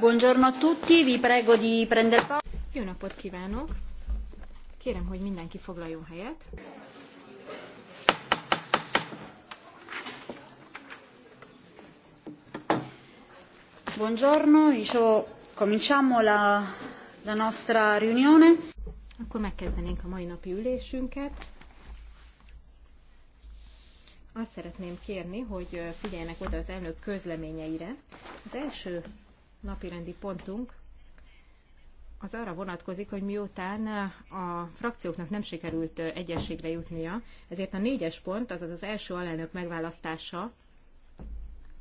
Buongiorno a tutti, vi prego di prendere posto. Jó napot kívánok! Kérem, hogy mindenki foglaljon helyet. Buongiorno, dicevo, cominciamo la, la nostra riunione. Akkor megkezdenénk a mai napi ülésünket. Azt szeretném kérni, hogy figyeljenek oda az elnök közleményeire. Az első napirendi pontunk az arra vonatkozik, hogy miután a frakcióknak nem sikerült egyességre jutnia, ezért a négyes pont, azaz az első alelnök megválasztása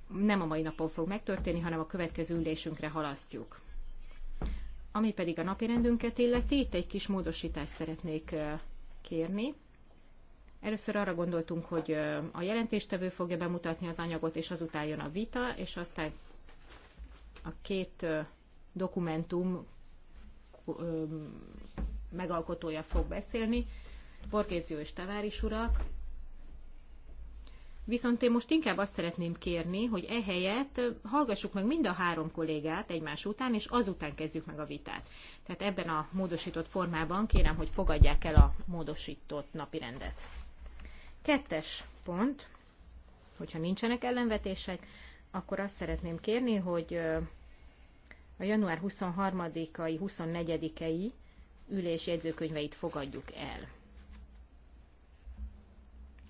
nem a mai napon fog megtörténni, hanem a következő ülésünkre halasztjuk. Ami pedig a napirendünket illeti, itt egy kis módosítást szeretnék kérni. Először arra gondoltunk, hogy a jelentéstevő fogja bemutatni az anyagot, és azután jön a vita, és aztán a két dokumentum megalkotója fog beszélni, Borgézió és Taváris urak. Viszont én most inkább azt szeretném kérni, hogy ehelyett hallgassuk meg mind a három kollégát egymás után, és azután kezdjük meg a vitát. Tehát ebben a módosított formában kérem, hogy fogadják el a módosított napirendet. Kettes pont, hogyha nincsenek ellenvetések, akkor azt szeretném kérni, hogy a január 23-ai, 24-ei ülés jegyzőkönyveit fogadjuk el.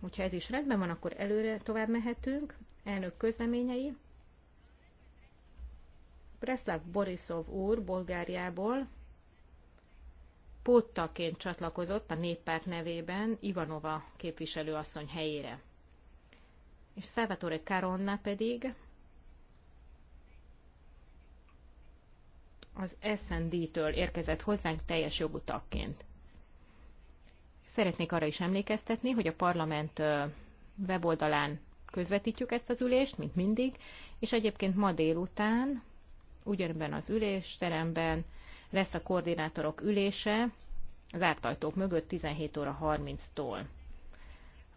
Hogyha ez is rendben van, akkor előre tovább mehetünk. Elnök közleményei. Preszláv Borisov úr Bulgáriából póttaként csatlakozott a néppárt nevében Ivanova képviselőasszony helyére. És Salvatore Karonna pedig az SND-től érkezett hozzánk teljes jogú tagként. Szeretnék arra is emlékeztetni, hogy a parlament weboldalán közvetítjük ezt az ülést, mint mindig, és egyébként ma délután, ugyanebben az ülésteremben lesz a koordinátorok ülése, az ártajtók mögött 17 óra 30-tól.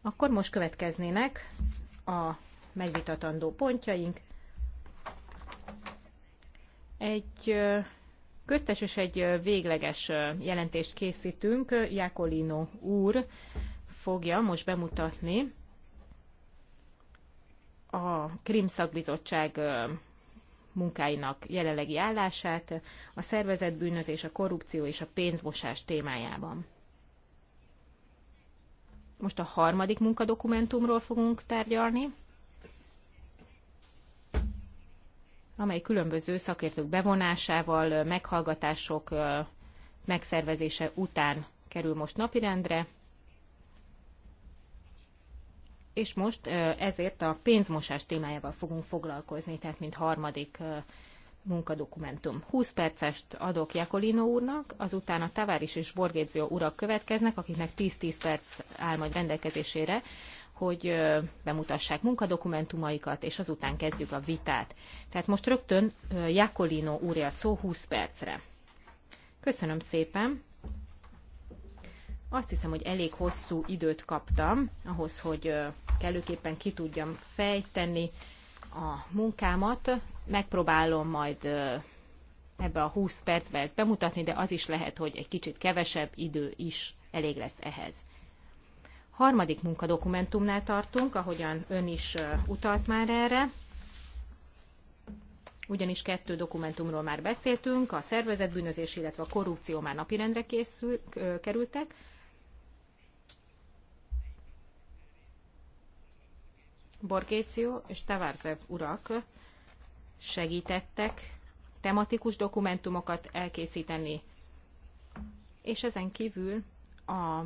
Akkor most következnének a megvitatandó pontjaink. Egy köztes és egy végleges jelentést készítünk. Jákolino úr fogja most bemutatni a szakbizottság munkáinak jelenlegi állását a szervezetbűnözés, a korrupció és a pénzmosás témájában. Most a harmadik munkadokumentumról fogunk tárgyalni. amely különböző szakértők bevonásával, meghallgatások megszervezése után kerül most napirendre, és most ezért a pénzmosás témájával fogunk foglalkozni, tehát mint harmadik munkadokumentum. 20 percest adok Jakolino úrnak, azután a Taváris és Borgézió urak következnek, akiknek 10-10 perc áll majd rendelkezésére, hogy bemutassák munkadokumentumaikat, és azután kezdjük a vitát. Tehát most rögtön Jakolino úrja szó 20 percre. Köszönöm szépen! Azt hiszem, hogy elég hosszú időt kaptam ahhoz, hogy kellőképpen ki tudjam fejteni a munkámat. Megpróbálom majd ebbe a 20 percbe ezt bemutatni, de az is lehet, hogy egy kicsit kevesebb idő is elég lesz ehhez harmadik munkadokumentumnál tartunk, ahogyan ön is utalt már erre, ugyanis kettő dokumentumról már beszéltünk, a szervezetbűnözés, illetve a korrupció már napirendre készül, kerültek. Borgéció és Tavárzev urak segítettek tematikus dokumentumokat elkészíteni, és ezen kívül a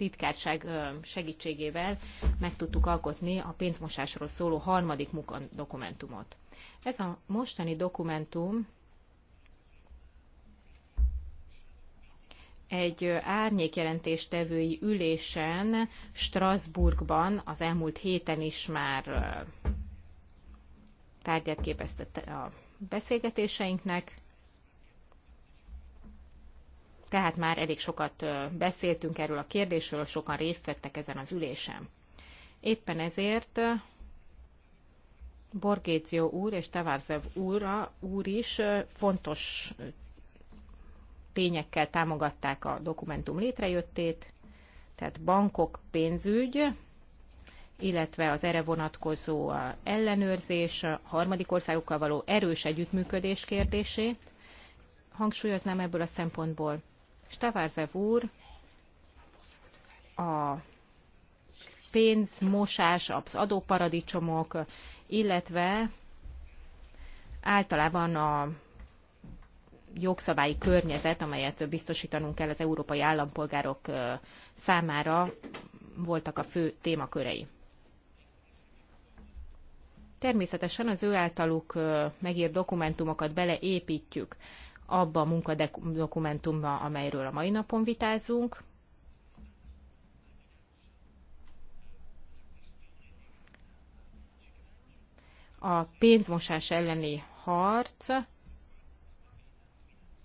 titkárság segítségével meg tudtuk alkotni a pénzmosásról szóló harmadik dokumentumot. Ez a mostani dokumentum egy árnyékjelentéstevői ülésen Strasbourgban az elmúlt héten is már tárgyát képeztette a beszélgetéseinknek. Tehát már elég sokat beszéltünk erről a kérdésről, sokan részt vettek ezen az ülésen. Éppen ezért Borgézió úr és Tavárzev úra, úr is fontos tényekkel támogatták a dokumentum létrejöttét, tehát bankok pénzügy, illetve az erre vonatkozó ellenőrzés, a harmadik országokkal való erős együttműködés kérdését hangsúlyoznám ebből a szempontból, Stavarzev úr a pénzmosás, az adóparadicsomok, illetve általában a jogszabályi környezet, amelyet biztosítanunk kell az európai állampolgárok számára, voltak a fő témakörei. Természetesen az ő általuk megírt dokumentumokat beleépítjük abba a munkadokumentumba, amelyről a mai napon vitázunk. A pénzmosás elleni harc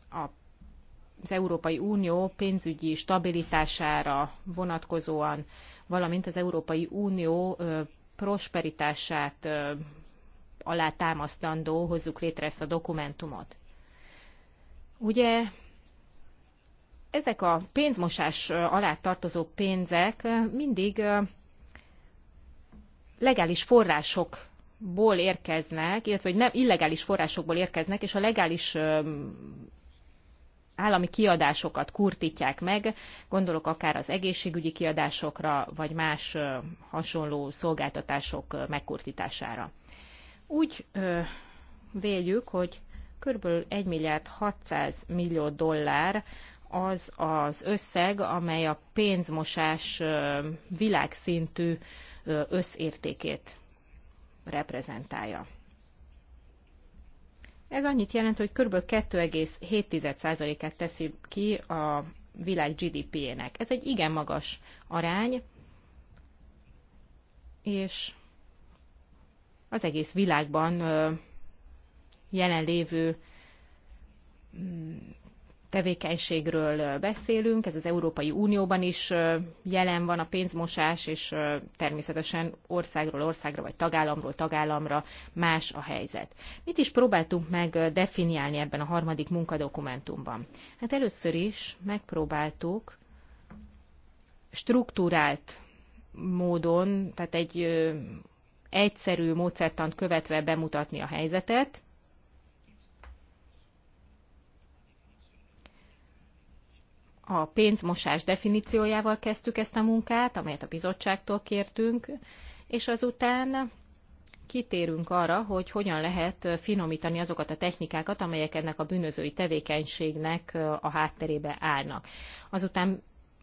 az Európai Unió pénzügyi stabilitására vonatkozóan, valamint az Európai Unió prosperitását alátámasztandó hozzuk létre ezt a dokumentumot. Ugye ezek a pénzmosás alá tartozó pénzek mindig legális forrásokból érkeznek, illetve hogy nem illegális forrásokból érkeznek, és a legális állami kiadásokat kurtítják meg, gondolok akár az egészségügyi kiadásokra, vagy más hasonló szolgáltatások megkurtítására. Úgy véljük, hogy kb. 1 milliárd 600 millió dollár az az összeg, amely a pénzmosás világszintű összértékét reprezentálja. Ez annyit jelent, hogy kb. 2,7%-át teszi ki a világ GDP-ének. Ez egy igen magas arány, és az egész világban jelenlévő mm, tevékenységről beszélünk, ez az Európai Unióban is jelen van a pénzmosás, és természetesen országról országra, vagy tagállamról tagállamra más a helyzet. Mit is próbáltunk meg definiálni ebben a harmadik munkadokumentumban? Hát először is megpróbáltuk struktúrált módon, tehát egy egyszerű módszertant követve bemutatni a helyzetet, a pénzmosás definíciójával kezdtük ezt a munkát, amelyet a bizottságtól kértünk, és azután kitérünk arra, hogy hogyan lehet finomítani azokat a technikákat, amelyek ennek a bűnözői tevékenységnek a hátterébe állnak. Azután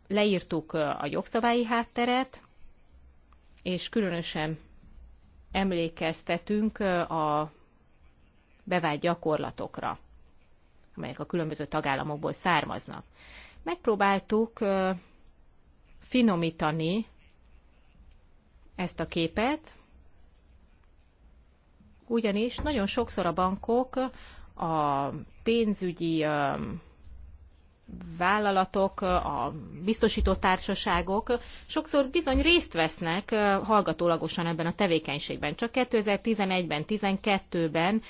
leírtuk a jogszabályi hátteret, és különösen emlékeztetünk a bevált gyakorlatokra, amelyek a különböző tagállamokból származnak. Megpróbáltuk finomítani ezt a képet, ugyanis nagyon sokszor a bankok a pénzügyi vállalatok, a biztosító társaságok sokszor bizony részt vesznek hallgatólagosan ebben a tevékenységben. Csak 2011-ben, 12 ben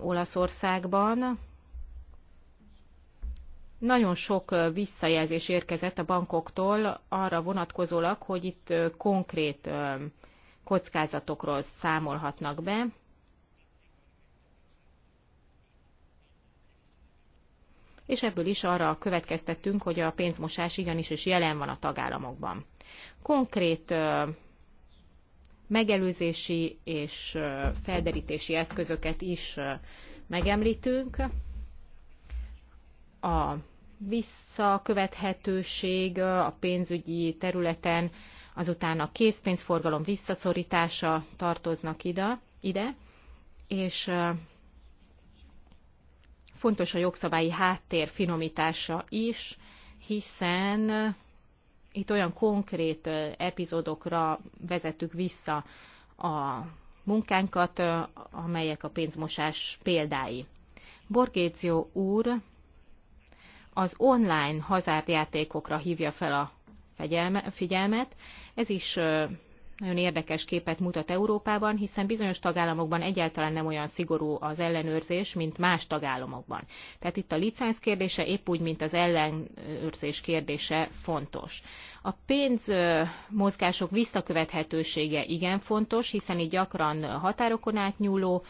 Olaszországban nagyon sok visszajelzés érkezett a bankoktól arra vonatkozólag, hogy itt konkrét kockázatokról számolhatnak be. És ebből is arra következtettünk, hogy a pénzmosás igenis is jelen van a tagállamokban. Konkrét megelőzési és felderítési eszközöket is megemlítünk a visszakövethetőség a pénzügyi területen, azután a készpénzforgalom visszaszorítása tartoznak ide, ide és fontos a jogszabályi háttér finomítása is, hiszen itt olyan konkrét epizódokra vezetük vissza a munkánkat, amelyek a pénzmosás példái. Borgéció úr az online hazárdjátékokra hívja fel a figyelmet. Ez is nagyon érdekes képet mutat Európában, hiszen bizonyos tagállamokban egyáltalán nem olyan szigorú az ellenőrzés, mint más tagállamokban. Tehát itt a licensz kérdése épp úgy, mint az ellenőrzés kérdése fontos. A pénzmozgások visszakövethetősége igen fontos, hiszen itt gyakran határokon átnyúló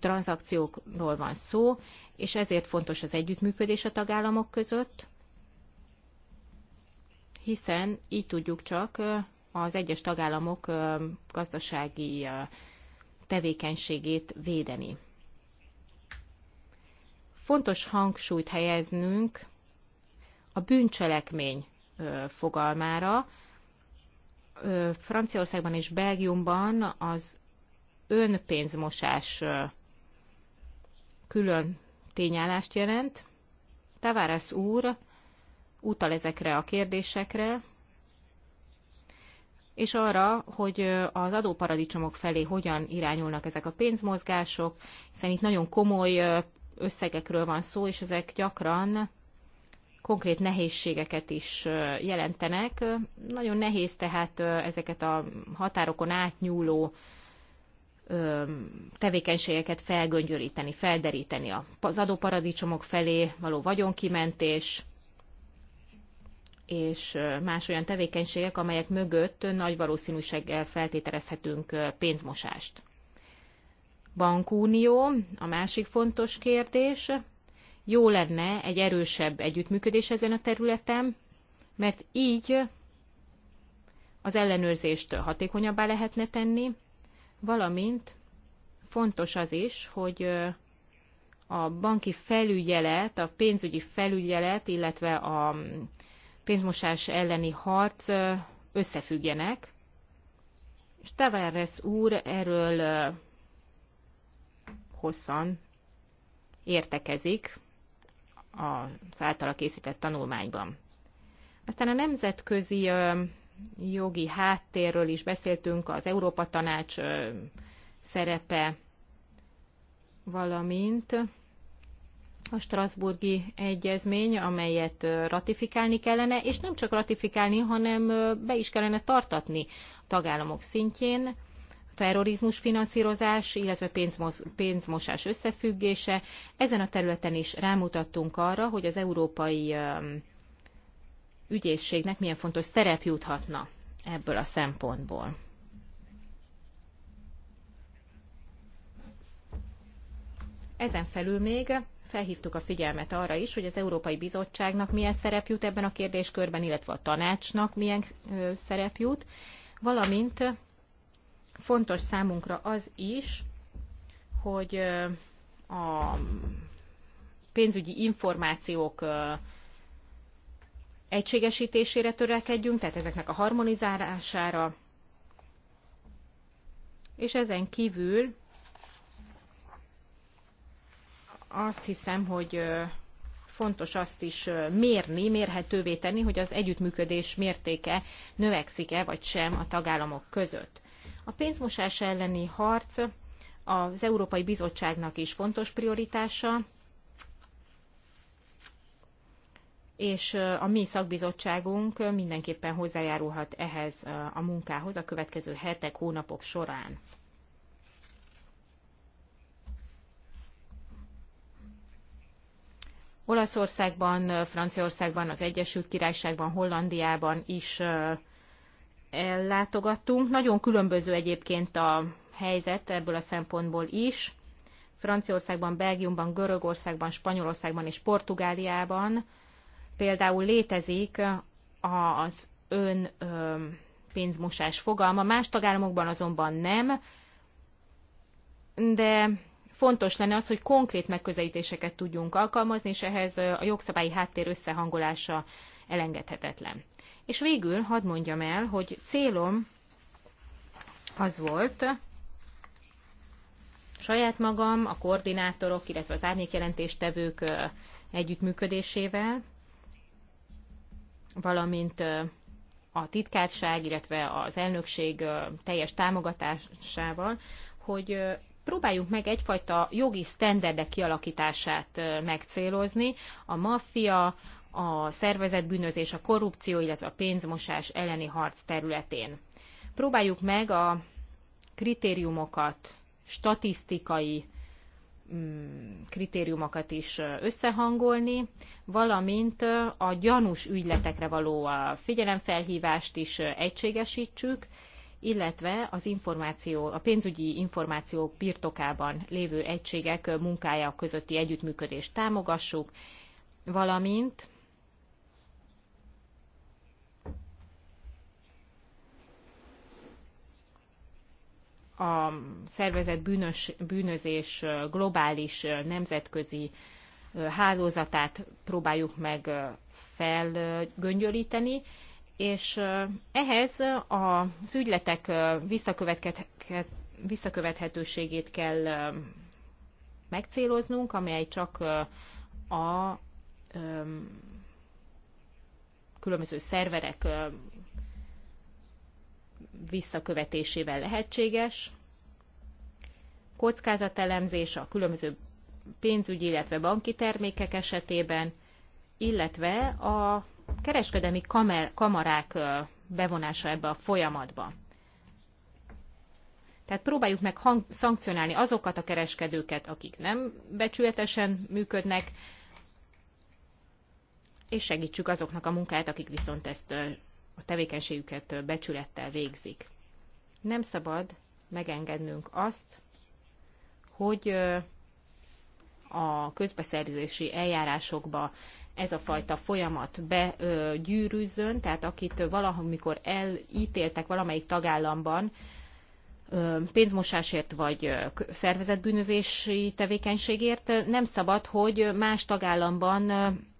tranzakciókról van szó, és ezért fontos az együttműködés a tagállamok között, hiszen így tudjuk csak az egyes tagállamok gazdasági tevékenységét védeni. Fontos hangsúlyt helyeznünk a bűncselekmény fogalmára. Franciaországban és Belgiumban az önpénzmosás külön tényállást jelent. Tavares úr utal ezekre a kérdésekre, és arra, hogy az adóparadicsomok felé hogyan irányulnak ezek a pénzmozgások, hiszen itt nagyon komoly összegekről van szó, és ezek gyakran konkrét nehézségeket is jelentenek. Nagyon nehéz tehát ezeket a határokon átnyúló tevékenységeket felgöngyölíteni, felderíteni az adóparadicsomok felé való vagyonkimentés, és más olyan tevékenységek, amelyek mögött nagy valószínűséggel feltételezhetünk pénzmosást. Bankunió, a másik fontos kérdés. Jó lenne egy erősebb együttműködés ezen a területen, mert így az ellenőrzést hatékonyabbá lehetne tenni, valamint fontos az is, hogy a banki felügyelet, a pénzügyi felügyelet, illetve a mm, pénzmosás elleni harc összefüggenek. És Tavares úr erről hosszan értekezik az általa készített tanulmányban. Aztán a nemzetközi jogi háttérről is beszéltünk, az Európa Tanács szerepe, valamint a Strasburgi Egyezmény, amelyet ratifikálni kellene, és nem csak ratifikálni, hanem be is kellene tartatni a tagállamok szintjén, terrorizmus finanszírozás, illetve pénzmos, pénzmosás összefüggése. Ezen a területen is rámutattunk arra, hogy az európai ügyészségnek milyen fontos szerep juthatna ebből a szempontból. Ezen felül még felhívtuk a figyelmet arra is, hogy az Európai Bizottságnak milyen szerep jut ebben a kérdéskörben, illetve a tanácsnak milyen szerep jut, valamint fontos számunkra az is, hogy a pénzügyi információk egységesítésére törekedjünk, tehát ezeknek a harmonizálására, és ezen kívül azt hiszem, hogy fontos azt is mérni, mérhetővé tenni, hogy az együttműködés mértéke növekszik-e vagy sem a tagállamok között. A pénzmosás elleni harc az Európai Bizottságnak is fontos prioritása, és a mi szakbizottságunk mindenképpen hozzájárulhat ehhez a munkához a következő hetek, hónapok során. Olaszországban, Franciaországban, az Egyesült Királyságban, Hollandiában is ellátogattunk. Nagyon különböző egyébként a helyzet ebből a szempontból is. Franciaországban, Belgiumban, Görögországban, Spanyolországban és Portugáliában például létezik az ön pénzmosás fogalma, más tagállamokban azonban nem, de fontos lenne az, hogy konkrét megközelítéseket tudjunk alkalmazni, és ehhez a jogszabályi háttér összehangolása elengedhetetlen. És végül hadd mondjam el, hogy célom az volt, saját magam, a koordinátorok, illetve az árnyékjelentéstevők együttműködésével, valamint a titkárság, illetve az elnökség teljes támogatásával, hogy próbáljuk meg egyfajta jogi sztenderdek kialakítását megcélozni. A maffia, a szervezett bűnözés, a korrupció, illetve a pénzmosás elleni harc területén. Próbáljuk meg a kritériumokat, statisztikai Mm, kritériumokat is összehangolni, valamint a gyanús ügyletekre való figyelemfelhívást is egységesítsük, illetve az információ, a pénzügyi információk birtokában lévő egységek munkája közötti együttműködést támogassuk, valamint a szervezet bűnös, bűnözés globális nemzetközi hálózatát próbáljuk meg felgöngyölíteni, és ehhez az ügyletek visszakövethetőségét kell megcéloznunk, amely csak a különböző szerverek visszakövetésével lehetséges. Kockázatelemzés a különböző pénzügyi, illetve banki termékek esetében, illetve a kereskedelmi kamarák bevonása ebbe a folyamatba. Tehát próbáljuk meg hang- szankcionálni azokat a kereskedőket, akik nem becsületesen működnek, és segítsük azoknak a munkáját, akik viszont ezt a tevékenységüket becsülettel végzik. Nem szabad megengednünk azt, hogy a közbeszerzési eljárásokba ez a fajta folyamat begyűrűzzön, tehát akit valamikor elítéltek valamelyik tagállamban, pénzmosásért vagy szervezetbűnözési tevékenységért nem szabad, hogy más tagállamban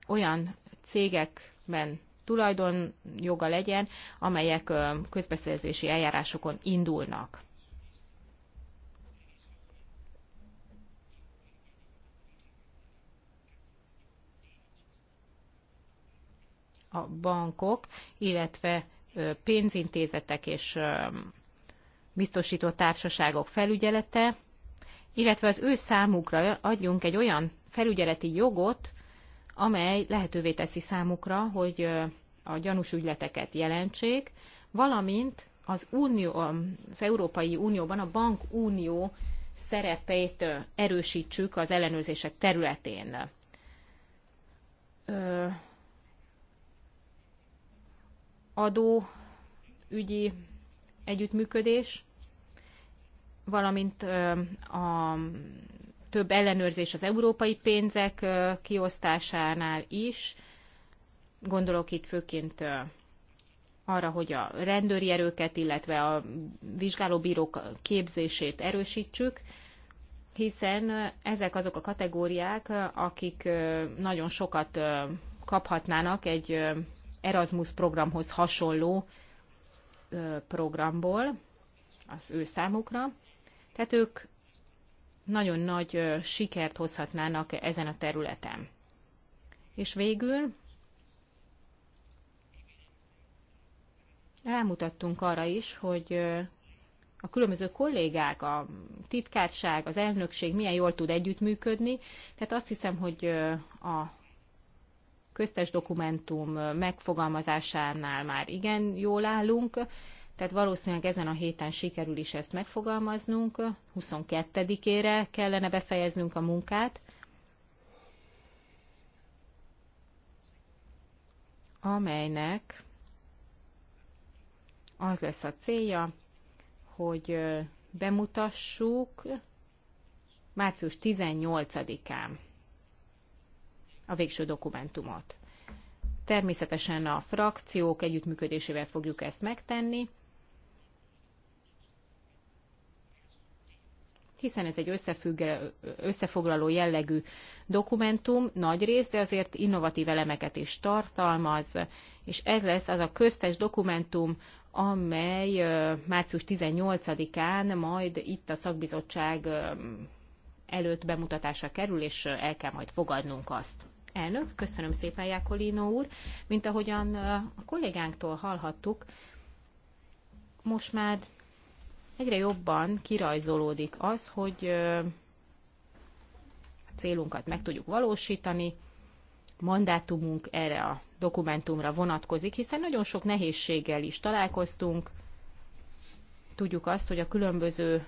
olyan cégekben tulajdonjoga legyen, amelyek közbeszerzési eljárásokon indulnak. A bankok, illetve pénzintézetek és biztosító társaságok felügyelete, illetve az ő számukra adjunk egy olyan felügyeleti jogot, amely lehetővé teszi számukra, hogy a gyanús ügyleteket jelentsék, valamint az, unió, az Európai Unióban a bankunió szerepét erősítsük az ellenőrzések területén. Adó ügyi együttműködés, valamint a több ellenőrzés az európai pénzek kiosztásánál is. Gondolok itt főként arra, hogy a rendőri erőket, illetve a vizsgálóbírók képzését erősítsük, hiszen ezek azok a kategóriák, akik nagyon sokat kaphatnának egy Erasmus programhoz hasonló programból az ő számukra. Tehát ők nagyon nagy sikert hozhatnának ezen a területen. És végül elmutattunk arra is, hogy a különböző kollégák, a titkárság, az elnökség milyen jól tud együttműködni. Tehát azt hiszem, hogy a köztes dokumentum megfogalmazásánál már igen jól állunk, tehát valószínűleg ezen a héten sikerül is ezt megfogalmaznunk, 22-ére kellene befejeznünk a munkát. amelynek az lesz a célja, hogy bemutassuk március 18-án a végső dokumentumot. Természetesen a frakciók együttműködésével fogjuk ezt megtenni, hiszen ez egy összefoglaló jellegű dokumentum, nagy rész, de azért innovatív elemeket is tartalmaz, és ez lesz az a köztes dokumentum, amely március 18-án majd itt a szakbizottság előtt bemutatásra kerül, és el kell majd fogadnunk azt. Elnök, köszönöm szépen, Jákolino úr. Mint ahogyan a kollégánktól hallhattuk, most már egyre jobban kirajzolódik az, hogy a célunkat meg tudjuk valósítani, mandátumunk erre a dokumentumra vonatkozik, hiszen nagyon sok nehézséggel is találkoztunk. Tudjuk azt, hogy a különböző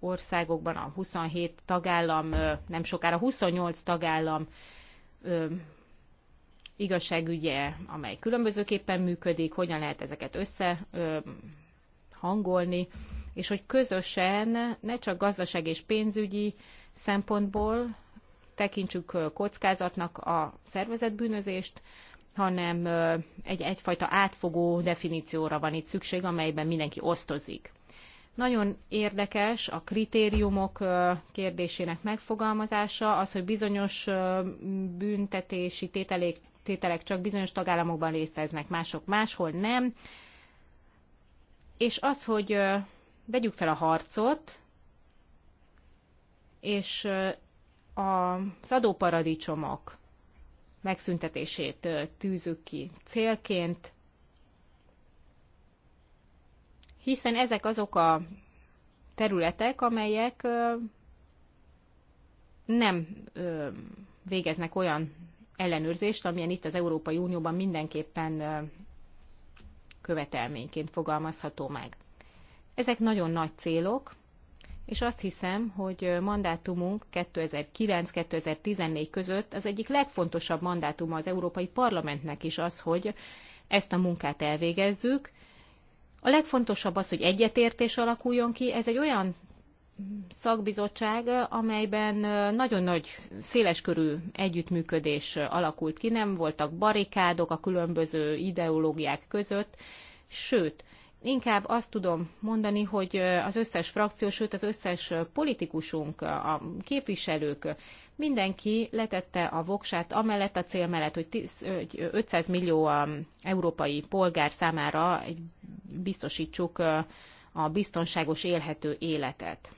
országokban a 27 tagállam, nem sokára 28 tagállam igazságügye, amely különbözőképpen működik, hogyan lehet ezeket összehangolni és hogy közösen ne csak gazdaság és pénzügyi szempontból tekintsük kockázatnak a szervezetbűnözést, hanem egy, egyfajta átfogó definícióra van itt szükség, amelyben mindenki osztozik. Nagyon érdekes a kritériumok kérdésének megfogalmazása, az, hogy bizonyos büntetési tételék, tételek csak bizonyos tagállamokban léteznek, mások máshol nem, és az, hogy vegyük fel a harcot, és az adóparadicsomok megszüntetését tűzük ki célként, hiszen ezek azok a területek, amelyek nem végeznek olyan ellenőrzést, amilyen itt az Európai Unióban mindenképpen követelményként fogalmazható meg. Ezek nagyon nagy célok, és azt hiszem, hogy mandátumunk 2009-2014 között az egyik legfontosabb mandátuma az Európai Parlamentnek is az, hogy ezt a munkát elvégezzük. A legfontosabb az, hogy egyetértés alakuljon ki. Ez egy olyan szakbizottság, amelyben nagyon nagy széleskörű együttműködés alakult ki, nem voltak barikádok a különböző ideológiák között, sőt, inkább azt tudom mondani, hogy az összes frakció, sőt az összes politikusunk, a képviselők, mindenki letette a voksát amellett a cél mellett, hogy 500 millió európai polgár számára biztosítsuk a biztonságos élhető életet.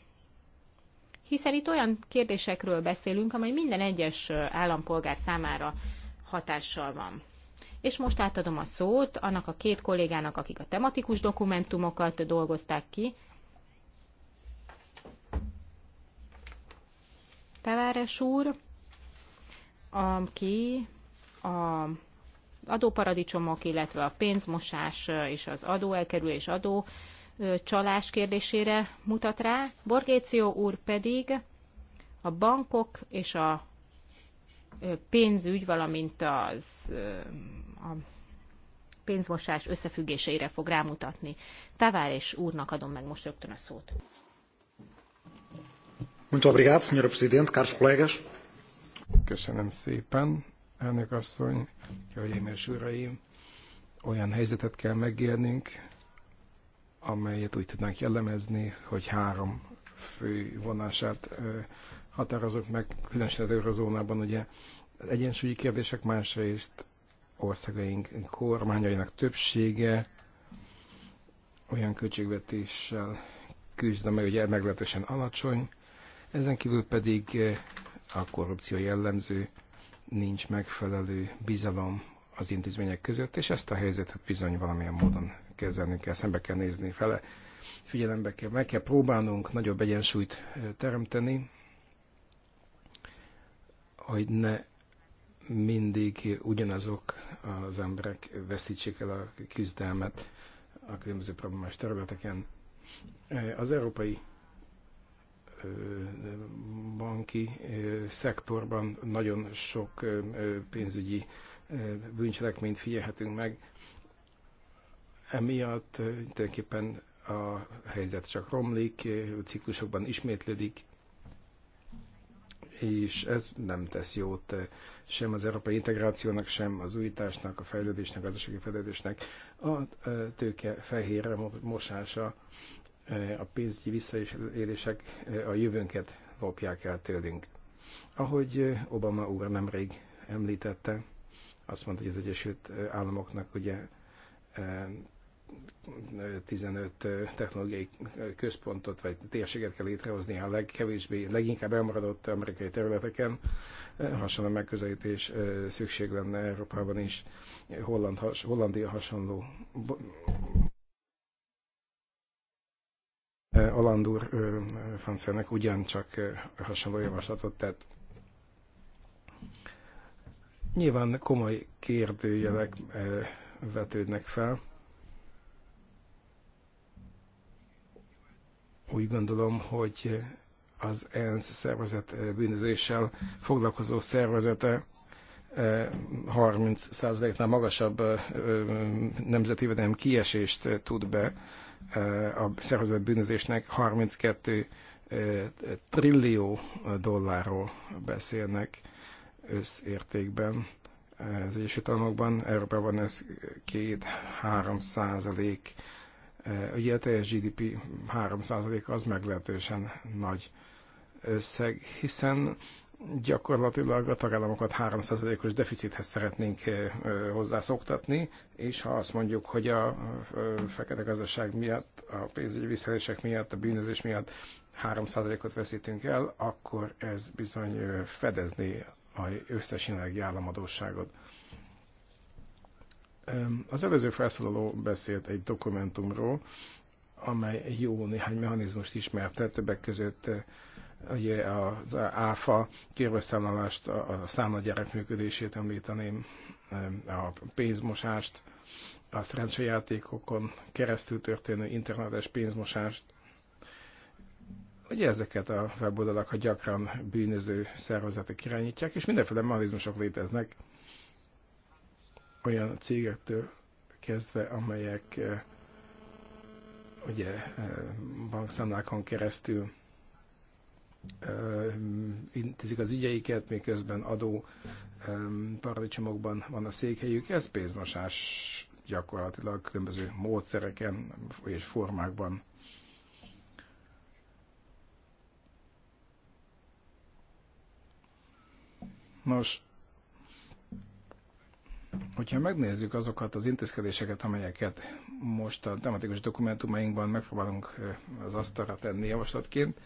Hiszen itt olyan kérdésekről beszélünk, amely minden egyes állampolgár számára hatással van. És most átadom a szót annak a két kollégának, akik a tematikus dokumentumokat dolgozták ki. Teváres úr, aki a adóparadicsomok, illetve a pénzmosás és az adóelkerülés adó csalás kérdésére mutat rá. Borgéció úr pedig a bankok és a pénzügy, valamint az a pénzmosás összefüggéseire fog rámutatni. Tavár és úrnak adom meg most rögtön a szót. Muito obrigado, senhora presidente, caros colegas. Köszönöm szépen, elnök asszony, hölgyeim és uraim. Olyan helyzetet kell megélnünk, amelyet úgy tudnánk jellemezni, hogy három fő vonását határozok meg, különösen az eurozónában ugye az egyensúlyi kérdések, másrészt országaink kormányainak többsége olyan költségvetéssel küzd, amely ugye meglehetősen alacsony, ezen kívül pedig eh, a korrupció jellemző, nincs megfelelő bizalom az intézmények között, és ezt a helyzetet bizony valamilyen módon kezelni kell, szembe kell nézni fele, figyelembe kell, meg kell próbálnunk nagyobb egyensúlyt eh, teremteni, hogy ne mindig ugyanazok az emberek veszítsék el a küzdelmet a különböző problémás területeken. Az európai banki szektorban nagyon sok pénzügyi bűncselekményt figyelhetünk meg. Emiatt tulajdonképpen a helyzet csak romlik, ciklusokban ismétlődik, és ez nem tesz jót eh, sem az európai integrációnak, sem az újításnak, a fejlődésnek, a gazdasági fejlődésnek. A eh, tőke fehérre mosása, eh, a pénzügyi visszaélések a jövőnket lopják el tőlünk. Ahogy Obama úr nemrég említette, azt mondta, hogy az Egyesült Államoknak ugye 15 technológiai központot vagy térséget kell létrehozni a legkevésbé, leginkább elmaradott amerikai területeken. Hasonló megközelítés szükség lenne Európában is. Holland, has, Hollandia hasonló. Alandur Francenek ugyancsak hasonló javaslatot tett. Nyilván komoly kérdőjelek vetődnek fel úgy gondolom, hogy az ENSZ szervezet eh, bűnözéssel foglalkozó szervezete 30%-nál eh, magasabb eh, nemzeti jövedelem kiesést tud be a szervezet bűnözésnek 32 trillió dollárról beszélnek összértékben. Az Egyesült Államokban, Európában ez 2-3 százalék Eh, ugye a teljes GDP 3% az meglehetősen nagy összeg, hiszen gyakorlatilag a tagállamokat 3%-os deficithez szeretnénk eh, eh, hozzászoktatni, és ha azt mondjuk, hogy a fekete gazdaság miatt, a pénzügyi visszaélések miatt, a bűnözés miatt 3%-ot veszítünk el, akkor ez bizony fedezné az összes jelenlegi államadóságot. Az előző felszólaló beszélt egy dokumentumról, amely jó néhány mechanizmust ismerte, többek között eh, ugye az ÁFA kérveszámlálást, a gyerek működését említeném, a pénzmosást, a szerencsejátékokon keresztül történő internetes pénzmosást. Ugye ezeket a weboldalakat gyakran bűnöző szervezetek irányítják, és mindenféle mechanizmusok léteznek, olyan cégektől kezdve, amelyek eh, ugye eh, bankszámlákon keresztül eh, intézik az ügyeiket, miközben adó paradicsomokban van a székhelyük. Ez pénzmosás gyakorlatilag különböző módszereken és formákban. Nos, Hogyha megnézzük azokat az intézkedéseket, amelyeket most a tematikus dokumentumainkban megpróbálunk az asztalra tenni javaslatként,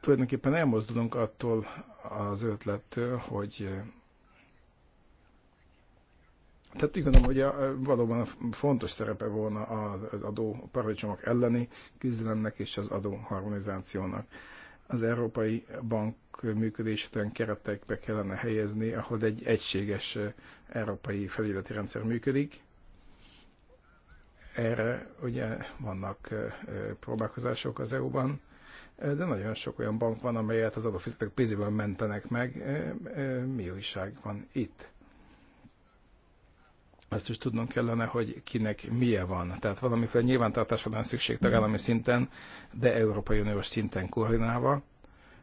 tulajdonképpen elmozdulunk attól az ötlettől, hogy tehát úgy gondolom, hogy a, valóban fontos szerepe volna az adó paradicsomok elleni küzdelemnek és az adó harmonizációnak az Európai Bank működését olyan keretekbe kellene helyezni, ahol egy egységes európai felügyeleti rendszer működik. Erre ugye vannak próbálkozások az EU-ban, de nagyon sok olyan bank van, amelyet az adófizetők pénzéből mentenek meg. Mi újság van itt? Ezt is tudnunk kellene, hogy kinek milyen van. Tehát valamiféle nyilvántartásra van szükség tagállami szinten, de Európai Uniós szinten koordinálva.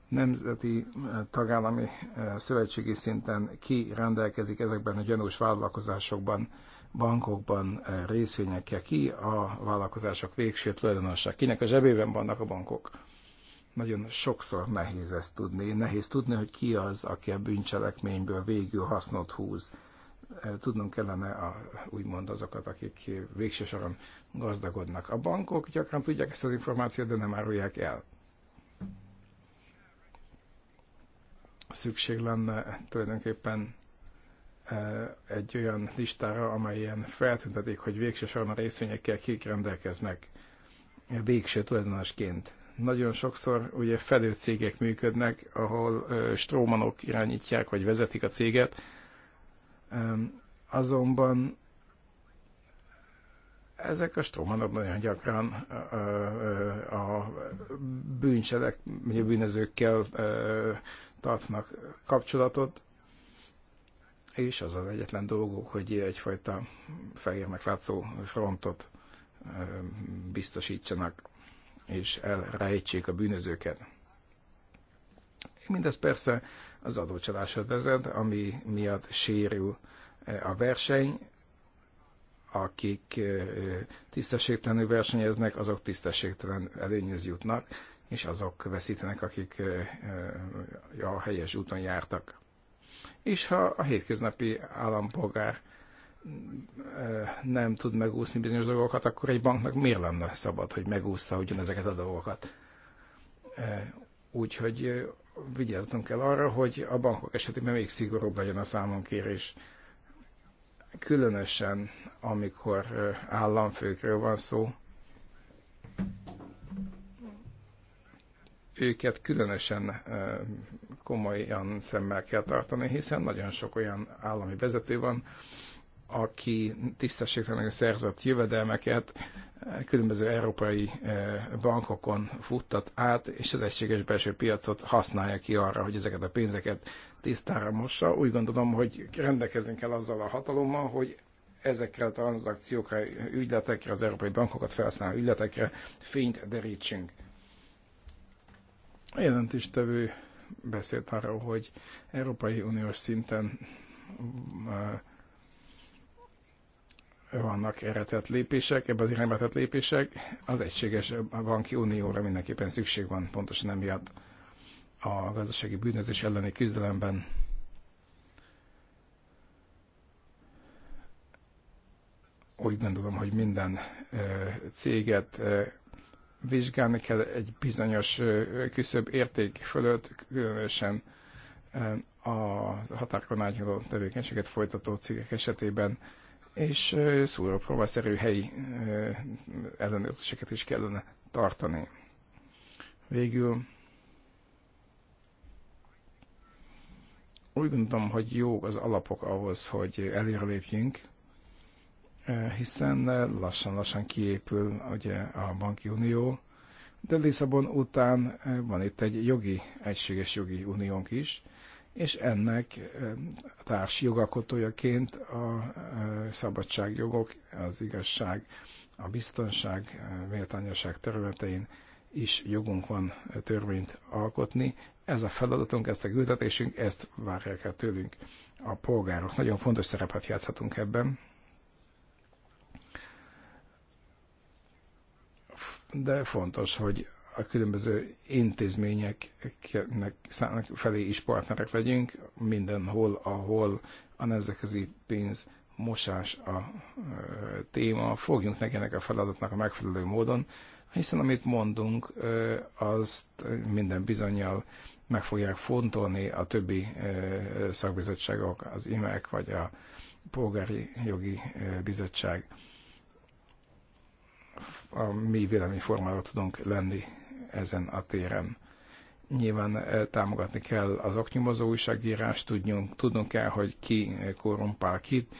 Nemzeti eh, tagállami eh, szövetségi szinten ki rendelkezik ezekben a gyanús vállalkozásokban, bankokban eh, részvényekkel ki, a vállalkozások végső tulajdonosa. Kinek a zsebében vannak a bankok? Nagyon sokszor nehéz ezt tudni. Nehéz tudni, hogy ki az, aki a bűncselekményből végül hasznot húz tudnunk kellene a, úgymond azokat, akik végső soron gazdagodnak. A bankok gyakran tudják ezt az információt, de nem árulják el. Szükség lenne tulajdonképpen e, egy olyan listára, amelyen feltüntetik, hogy végső soron a részvényekkel kik rendelkeznek végső tulajdonosként. Nagyon sokszor ugye fedő cégek működnek, ahol e, strómanok irányítják, vagy vezetik a céget, Azonban ezek a strómanok nagyon gyakran a bűncselek, a bűnözőkkel tartnak kapcsolatot, és az az egyetlen dolguk, hogy egyfajta fehérnek látszó frontot biztosítsanak, és elrejtsék a bűnözőket. Mindez persze az adócsaláshoz vezet, ami miatt sérül eh, a verseny, akik eh, tisztességtelenül versenyeznek, azok tisztességtelen előnyhöz jutnak, és azok veszítenek, akik eh, a helyes úton jártak. És ha a hétköznapi állampolgár nem tud megúszni bizonyos dolgokat, akkor egy banknak miért lenne szabad, hogy megúszza ugyanezeket a dolgokat? Úgyhogy vigyáznunk kell arra, hogy a bankok esetében még szigorúbb legyen a számonkérés. Különösen, amikor államfőkről van szó, őket különösen komolyan szemmel kell tartani, hiszen nagyon sok olyan állami vezető van, aki tisztességtelenül szerzett jövedelmeket különböző európai eh, bankokon futtat át, és az egységes belső piacot használja ki arra, hogy ezeket a pénzeket tisztára mossa. Úgy gondolom, hogy rendelkezni kell azzal a hatalommal, hogy ezekre a tranzakciókra, ügyletekre, az európai bankokat felhasználó ügyletekre fényt derítsünk. A jelentéstevő beszélt arról, hogy Európai Uniós szinten eh, vannak eretett lépések, ebben az irányba tett lépések. Az egységes banki unióra mindenképpen szükség van, pontosan emiatt a gazdasági bűnözés elleni küzdelemben. Úgy gondolom, hogy minden céget vizsgálni kell egy bizonyos küszöbb érték fölött, különösen a határkon átnyúló tevékenységet folytató cégek esetében és szúrópróbaszerű helyi ellenőrzéseket is kellene tartani. Végül úgy gondolom, hogy jó az alapok ahhoz, hogy lépjünk, hiszen lassan-lassan kiépül ugye, a banki unió, de Lisszabon után van itt egy jogi, egységes jogi uniónk is, és ennek társ jogalkotójaként a szabadságjogok, az igazság, a biztonság, méltányosság területein is jogunk van törvényt alkotni. Ez a feladatunk, ezt a küldetésünk, ezt várják el tőlünk a polgárok. Nagyon fontos szerepet játszhatunk ebben. De fontos, hogy a különböző intézményeknek felé is partnerek legyünk, mindenhol, ahol a nemzetközi pénz mosás a téma, fogjunk neki ennek a feladatnak a megfelelő módon, hiszen amit mondunk, azt minden bizonyal meg fogják fontolni a többi szakbizottságok, az IMEK vagy a Polgári Jogi Bizottság. A mi véleményformára tudunk lenni ezen a téren. Nyilván eh, támogatni kell az oknyomozó újságírást, tudnunk, tudnunk kell, hogy ki eh, korrumpál kit,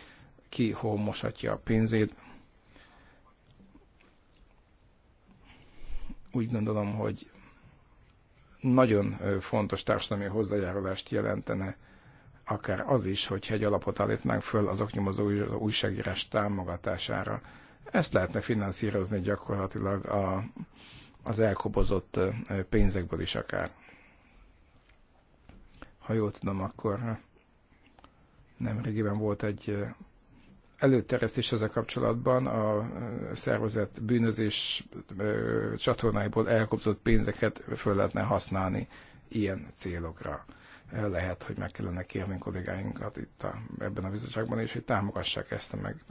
ki hol mosatja a pénzét. Úgy gondolom, hogy nagyon eh, fontos társadalmi hozzájárulást jelentene akár az is, hogy egy alapot állítnánk föl az oknyomozó újságírás támogatására. Ezt lehetne finanszírozni gyakorlatilag a az elkobozott pénzekből is akár. Ha jól tudom, akkor nemrégiben volt egy előterjesztés ezzel kapcsolatban a szervezet bűnözés csatornáiból elkobzott pénzeket föl lehetne használni ilyen célokra. Lehet, hogy meg kellene kérni kollégáinkat itt a, ebben a bizottságban is, hogy támogassák ezt a, meg,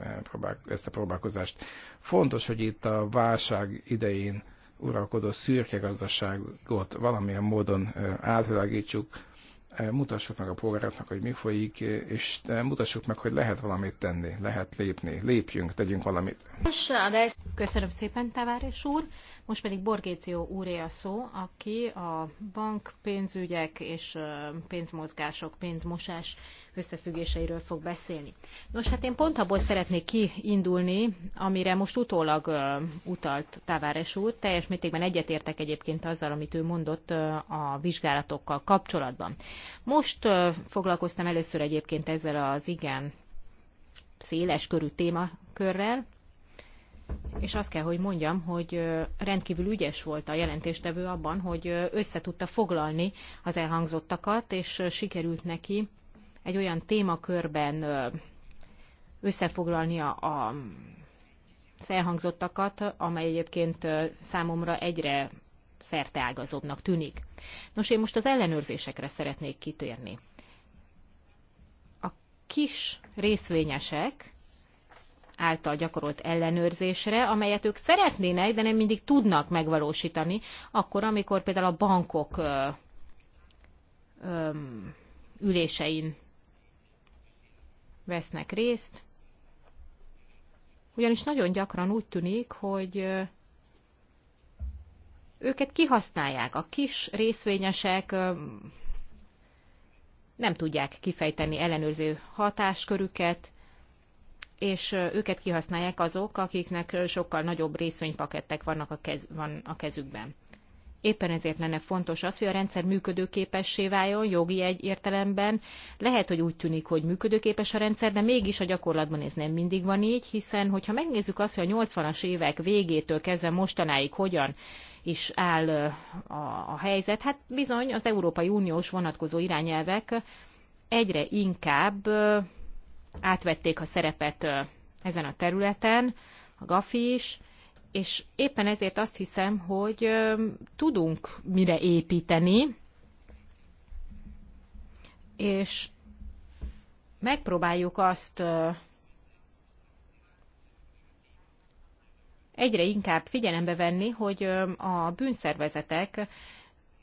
ezt a próbálkozást. Fontos, hogy itt a válság idején uralkodó szürke gazdaságot valamilyen módon átvilágítsuk, mutassuk meg a polgároknak, hogy mi folyik, és mutassuk meg, hogy lehet valamit tenni, lehet lépni, lépjünk, tegyünk valamit. Köszönöm szépen, Tavares úr. Most pedig Borgéció úré a szó, aki a bank pénzügyek és pénzmozgások, pénzmosás összefüggéseiről fog beszélni. Nos, hát én pont abból szeretnék kiindulni, amire most utólag utalt Tavares úr. Teljes mértékben egyetértek egyébként azzal, amit ő mondott a vizsgálatokkal kapcsolatban. Most foglalkoztam először egyébként ezzel az igen széles körű témakörrel, és azt kell, hogy mondjam, hogy rendkívül ügyes volt a jelentéstevő abban, hogy összetudta foglalni az elhangzottakat, és sikerült neki egy olyan témakörben összefoglalnia a az elhangzottakat, amely egyébként számomra egyre szerteágazóbbnak tűnik. Nos, én most az ellenőrzésekre szeretnék kitérni. A kis részvényesek által gyakorolt ellenőrzésre, amelyet ők szeretnének, de nem mindig tudnak megvalósítani, akkor, amikor például a bankok ö, ö, ülésein vesznek részt. Ugyanis nagyon gyakran úgy tűnik, hogy őket kihasználják. A kis részvényesek nem tudják kifejteni ellenőrző hatáskörüket, és őket kihasználják azok, akiknek sokkal nagyobb részvénypakettek vannak a, kez, van a kezükben. Éppen ezért lenne fontos az, hogy a rendszer működőképessé váljon jogi egy értelemben. Lehet, hogy úgy tűnik, hogy működőképes a rendszer, de mégis a gyakorlatban ez nem mindig van így, hiszen hogyha megnézzük azt, hogy a 80-as évek végétől kezdve mostanáig hogyan is áll a, a helyzet, hát bizony az Európai Uniós vonatkozó irányelvek egyre inkább átvették a szerepet ezen a területen, a GAFI is, és éppen ezért azt hiszem, hogy tudunk mire építeni, és megpróbáljuk azt egyre inkább figyelembe venni, hogy a bűnszervezetek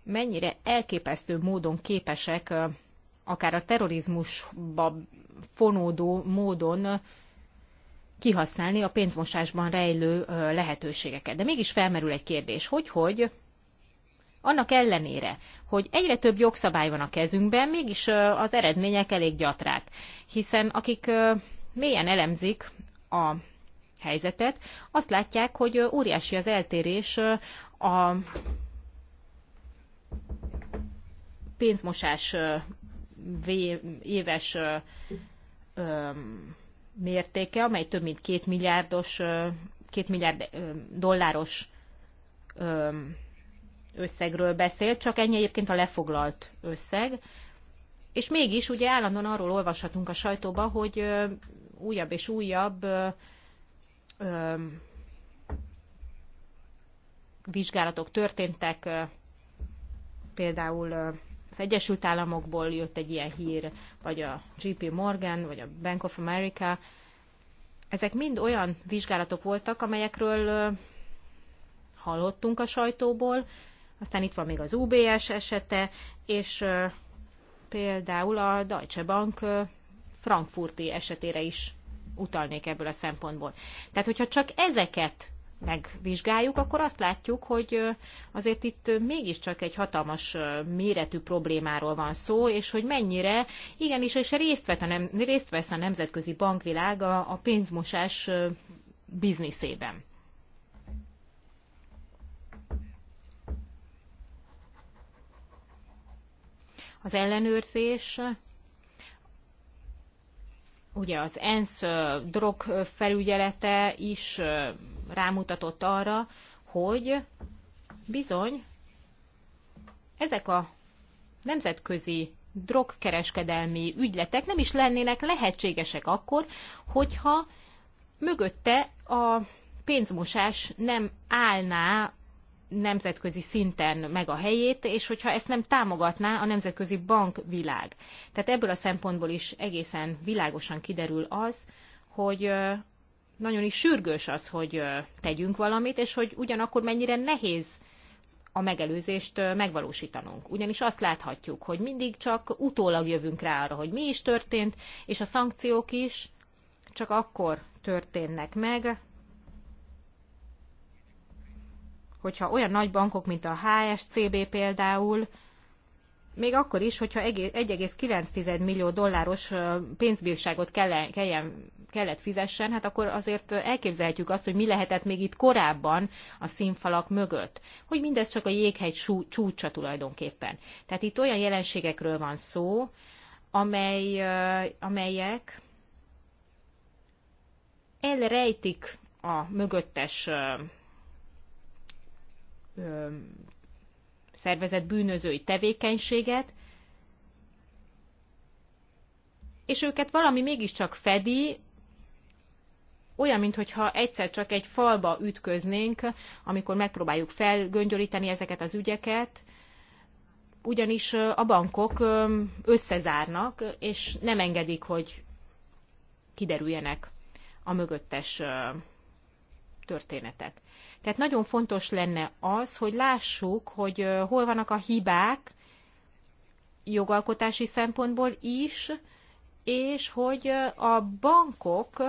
mennyire elképesztő módon képesek akár a terrorizmusba fonódó módon kihasználni a pénzmosásban rejlő lehetőségeket. De mégis felmerül egy kérdés, hogy hogy annak ellenére, hogy egyre több jogszabály van a kezünkben, mégis az eredmények elég gyatrák. Hiszen akik mélyen elemzik a helyzetet, azt látják, hogy óriási az eltérés a pénzmosás éves mértéke, amely több mint két milliárdos, két milliárd dolláros összegről beszél, csak ennyi egyébként a lefoglalt összeg. És mégis ugye állandóan arról olvashatunk a sajtóba, hogy újabb és újabb vizsgálatok történtek, például az Egyesült Államokból jött egy ilyen hír, vagy a JP Morgan, vagy a Bank of America. Ezek mind olyan vizsgálatok voltak, amelyekről hallottunk a sajtóból, aztán itt van még az UBS esete, és például a Deutsche Bank frankfurti esetére is utalnék ebből a szempontból. Tehát, hogyha csak ezeket megvizsgáljuk, akkor azt látjuk, hogy azért itt mégiscsak egy hatalmas méretű problémáról van szó, és hogy mennyire igenis, és részt, vett a nem, részt vesz a nemzetközi bankvilág a, a pénzmosás bizniszében. Az ellenőrzés ugye az ENSZ drogfelügyelete is rámutatott arra, hogy bizony ezek a nemzetközi drogkereskedelmi ügyletek nem is lennének lehetségesek akkor, hogyha mögötte a pénzmosás nem állná nemzetközi szinten meg a helyét, és hogyha ezt nem támogatná a nemzetközi bankvilág. Tehát ebből a szempontból is egészen világosan kiderül az, hogy nagyon is sürgős az, hogy tegyünk valamit, és hogy ugyanakkor mennyire nehéz a megelőzést megvalósítanunk. Ugyanis azt láthatjuk, hogy mindig csak utólag jövünk rá arra, hogy mi is történt, és a szankciók is csak akkor történnek meg, hogyha olyan nagy bankok, mint a HSCB például, még akkor is, hogyha 1,9 millió dolláros pénzbírságot kell, kelljen, kellett fizessen, hát akkor azért elképzelhetjük azt, hogy mi lehetett még itt korábban a színfalak mögött. Hogy mindez csak a jéghegy csúcsa tulajdonképpen. Tehát itt olyan jelenségekről van szó, amely, amelyek elrejtik a mögöttes szervezett bűnözői tevékenységet, és őket valami mégiscsak fedi, olyan, mintha egyszer csak egy falba ütköznénk, amikor megpróbáljuk felgöngyölíteni ezeket az ügyeket, ugyanis a bankok összezárnak, és nem engedik, hogy kiderüljenek a mögöttes történetek. Tehát nagyon fontos lenne az, hogy lássuk, hogy hol vannak a hibák jogalkotási szempontból is, és hogy a bankok,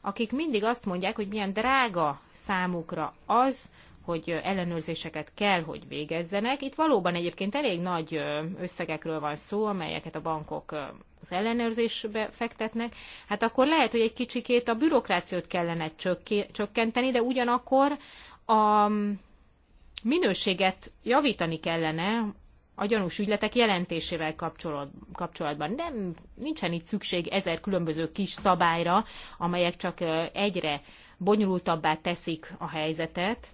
akik mindig azt mondják, hogy milyen drága számukra az, hogy ellenőrzéseket kell, hogy végezzenek. Itt valóban egyébként elég nagy összegekről van szó, amelyeket a bankok az ellenőrzésbe fektetnek, hát akkor lehet, hogy egy kicsikét a bürokrációt kellene csökkenteni, de ugyanakkor a minőséget javítani kellene a gyanús ügyletek jelentésével kapcsolatban. Nem, nincsen itt szükség ezer különböző kis szabályra, amelyek csak egyre bonyolultabbá teszik a helyzetet.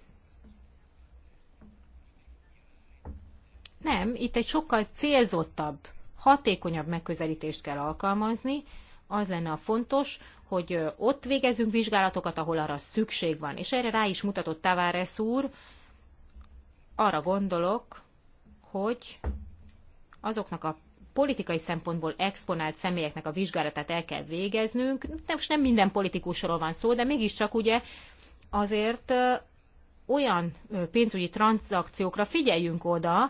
Nem, itt egy sokkal célzottabb hatékonyabb megközelítést kell alkalmazni, az lenne a fontos, hogy ott végezzünk vizsgálatokat, ahol arra szükség van. És erre rá is mutatott Tavares úr, arra gondolok, hogy azoknak a politikai szempontból exponált személyeknek a vizsgálatát el kell végeznünk. Most nem minden politikusról van szó, de mégiscsak ugye azért olyan pénzügyi tranzakciókra figyeljünk oda,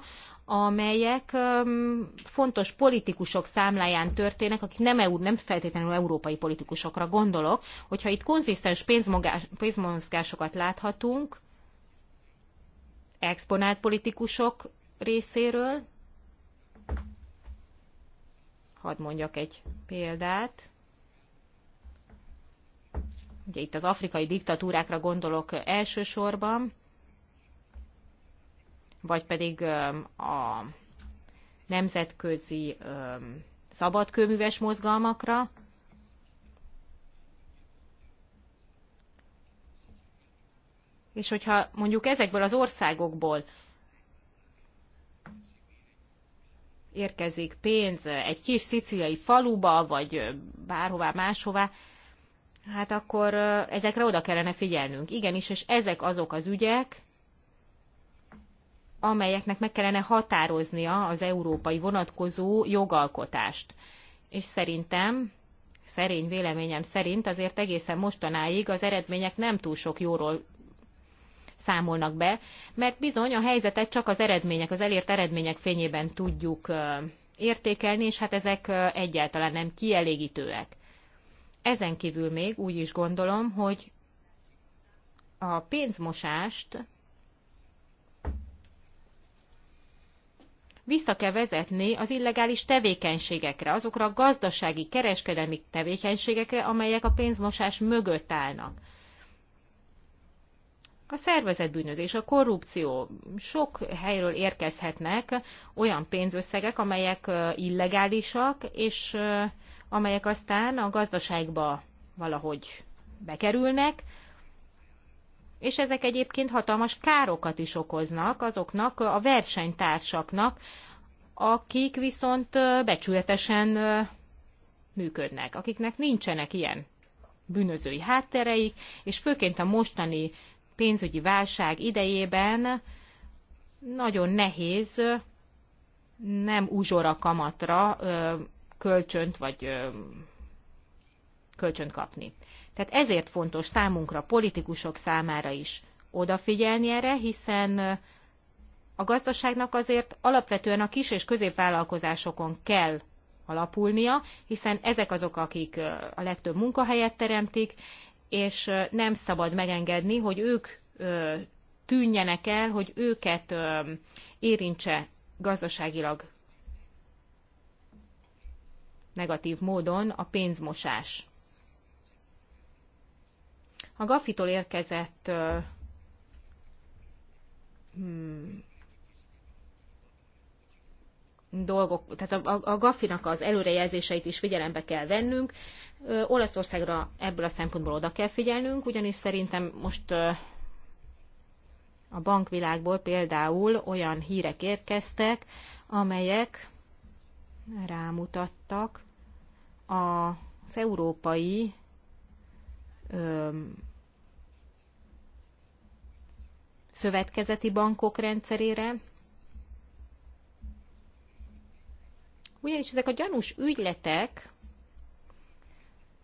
amelyek fontos politikusok számláján történnek, akik nem, EU, nem feltétlenül európai politikusokra gondolok, hogyha itt konzisztens pénzmozgásokat láthatunk, exponált politikusok részéről, hadd mondjak egy példát, ugye itt az afrikai diktatúrákra gondolok elsősorban, vagy pedig a nemzetközi szabadkőműves mozgalmakra, És hogyha mondjuk ezekből az országokból érkezik pénz egy kis sziciliai faluba, vagy bárhová máshová, hát akkor ezekre oda kellene figyelnünk. Igenis, és ezek azok az ügyek, amelyeknek meg kellene határoznia az európai vonatkozó jogalkotást. És szerintem, szerény véleményem szerint azért egészen mostanáig az eredmények nem túl sok jóról számolnak be, mert bizony a helyzetet csak az eredmények, az elért eredmények fényében tudjuk értékelni, és hát ezek egyáltalán nem kielégítőek. Ezen kívül még úgy is gondolom, hogy a pénzmosást vissza kell vezetni az illegális tevékenységekre, azokra a gazdasági, kereskedelmi tevékenységekre, amelyek a pénzmosás mögött állnak. A szervezetbűnözés, a korrupció sok helyről érkezhetnek olyan pénzösszegek, amelyek illegálisak, és amelyek aztán a gazdaságba valahogy bekerülnek, és ezek egyébként hatalmas károkat is okoznak azoknak a versenytársaknak, akik viszont becsületesen működnek, akiknek nincsenek ilyen bűnözői háttereik, és főként a mostani pénzügyi válság idejében nagyon nehéz nem uzsora kamatra kölcsönt vagy kölcsönt kapni. Tehát ezért fontos számunkra, politikusok számára is odafigyelni erre, hiszen a gazdaságnak azért alapvetően a kis és középvállalkozásokon kell alapulnia, hiszen ezek azok, akik a legtöbb munkahelyet teremtik, és nem szabad megengedni, hogy ők tűnjenek el, hogy őket érintse gazdaságilag negatív módon a pénzmosás. A Gafitól érkezett hmm, dolgok, tehát a, a, a Gaffinak az előrejelzéseit is figyelembe kell vennünk. Ö, Olaszországra ebből a szempontból oda kell figyelnünk, ugyanis szerintem most ö, a bankvilágból például olyan hírek érkeztek, amelyek rámutattak az európai ö, szövetkezeti bankok rendszerére. Ugyanis ezek a gyanús ügyletek,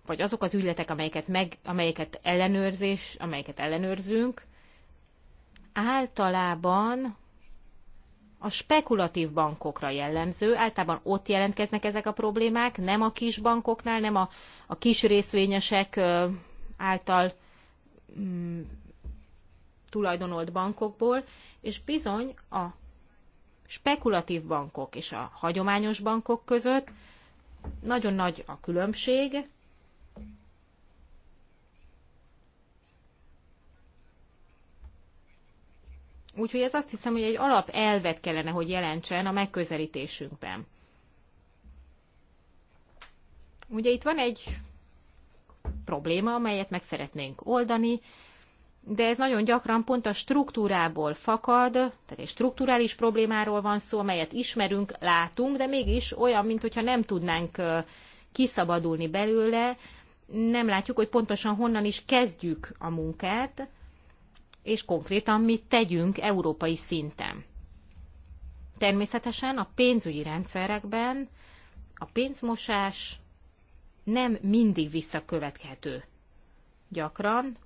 vagy azok az ügyletek, amelyeket, meg, amelyeket ellenőrzés, amelyeket ellenőrzünk, általában a spekulatív bankokra jellemző, általában ott jelentkeznek ezek a problémák, nem a kis bankoknál, nem a, a kis részvényesek által mm, tulajdonolt bankokból, és bizony a spekulatív bankok és a hagyományos bankok között nagyon nagy a különbség. Úgyhogy ez azt hiszem, hogy egy alap elvet kellene, hogy jelentsen a megközelítésünkben. Ugye itt van egy probléma, amelyet meg szeretnénk oldani, de ez nagyon gyakran pont a struktúrából fakad, tehát egy strukturális problémáról van szó, amelyet ismerünk, látunk, de mégis olyan, mintha nem tudnánk kiszabadulni belőle, nem látjuk, hogy pontosan honnan is kezdjük a munkát, és konkrétan mit tegyünk európai szinten. Természetesen a pénzügyi rendszerekben a pénzmosás nem mindig visszakövethető. Gyakran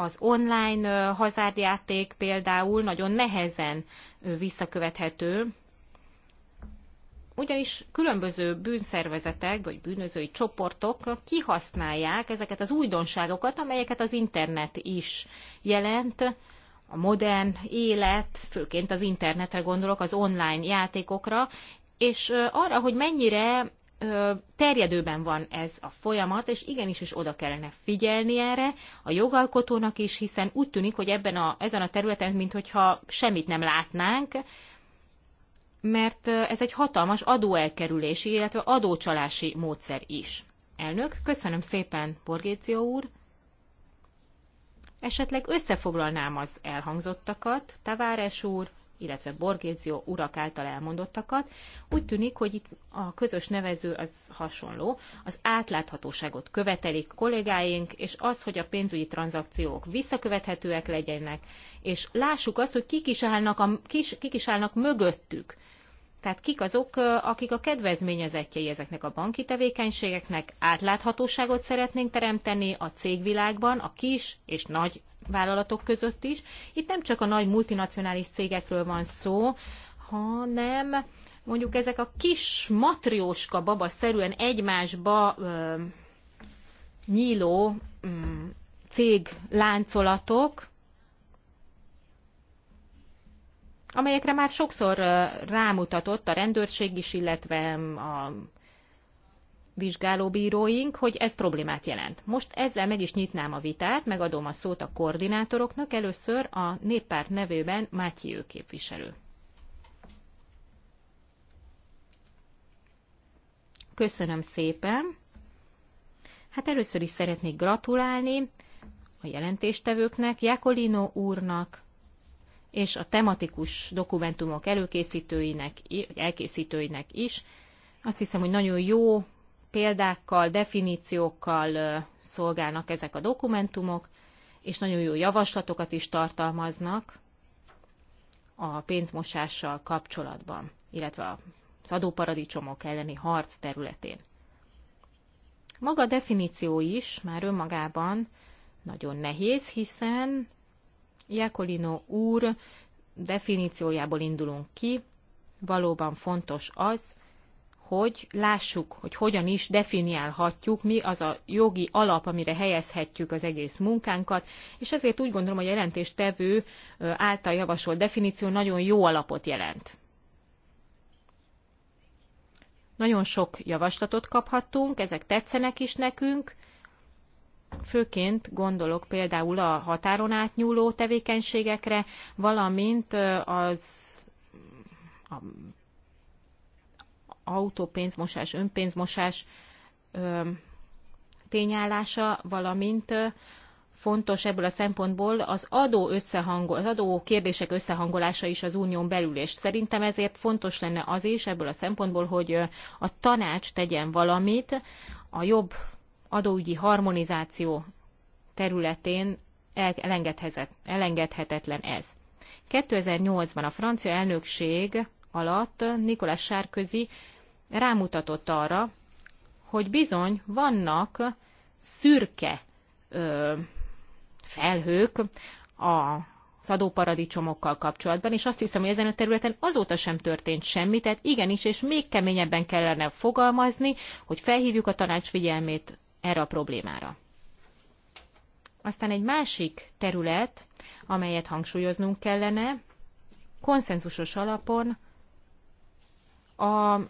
Az online hazárjáték például nagyon nehezen visszakövethető, ugyanis különböző bűnszervezetek vagy bűnözői csoportok kihasználják ezeket az újdonságokat, amelyeket az internet is jelent, a modern élet, főként az internetre gondolok, az online játékokra, és arra, hogy mennyire terjedőben van ez a folyamat, és igenis is oda kellene figyelni erre a jogalkotónak is, hiszen úgy tűnik, hogy ebben a, ezen a területen, mintha semmit nem látnánk, mert ez egy hatalmas adóelkerülési, illetve adócsalási módszer is. Elnök, köszönöm szépen, Borgéció úr. Esetleg összefoglalnám az elhangzottakat, Taváres úr, illetve Borgézió urak által elmondottakat. Úgy tűnik, hogy itt a közös nevező az hasonló. Az átláthatóságot követelik kollégáink, és az, hogy a pénzügyi tranzakciók visszakövethetőek legyenek, és lássuk azt, hogy kik is állnak, a, kis, kik is állnak mögöttük. Tehát kik azok, akik a kedvezményezettjei ezeknek a banki tevékenységeknek átláthatóságot szeretnénk teremteni a cégvilágban, a kis és nagy vállalatok között is. Itt nem csak a nagy multinacionális cégekről van szó, hanem mondjuk ezek a kis matrióska baba szerűen egymásba ö, nyíló ö, mm, cég láncolatok, amelyekre már sokszor rámutatott a rendőrség is, illetve a vizsgálóbíróink, hogy ez problémát jelent. Most ezzel meg is nyitnám a vitát, megadom a szót a koordinátoroknak, először a néppárt nevében Mátyi képviselő. Köszönöm szépen! Hát először is szeretnék gratulálni a jelentéstevőknek, Jakolino úrnak, és a tematikus dokumentumok előkészítőinek, elkészítőinek is. Azt hiszem, hogy nagyon jó példákkal, definíciókkal szolgálnak ezek a dokumentumok, és nagyon jó javaslatokat is tartalmaznak a pénzmosással kapcsolatban, illetve az adóparadicsomok elleni harc területén. Maga a definíció is már önmagában nagyon nehéz, hiszen Jakolino úr definíciójából indulunk ki, valóban fontos az, hogy lássuk, hogy hogyan is definiálhatjuk, mi az a jogi alap, amire helyezhetjük az egész munkánkat, és ezért úgy gondolom, hogy a jelentéstevő által javasolt definíció nagyon jó alapot jelent. Nagyon sok javaslatot kaphattunk, ezek tetszenek is nekünk, Főként gondolok például a határon átnyúló tevékenységekre, valamint az a autópénzmosás, önpénzmosás ö, tényállása, valamint ö, fontos ebből a szempontból az adó, összehangol, az adó kérdések összehangolása is az unión belül, és szerintem ezért fontos lenne az is ebből a szempontból, hogy a tanács tegyen valamit a jobb adóügyi harmonizáció területén elengedhetetlen ez. 2008-ban a francia elnökség alatt Nicolas Sárközi rámutatott arra, hogy bizony vannak szürke ö, felhők a adóparadicsomokkal kapcsolatban, és azt hiszem, hogy ezen a területen azóta sem történt semmi, tehát igenis, és még keményebben kellene fogalmazni, hogy felhívjuk a tanács figyelmét erre a problémára. Aztán egy másik terület, amelyet hangsúlyoznunk kellene, konszenzusos alapon a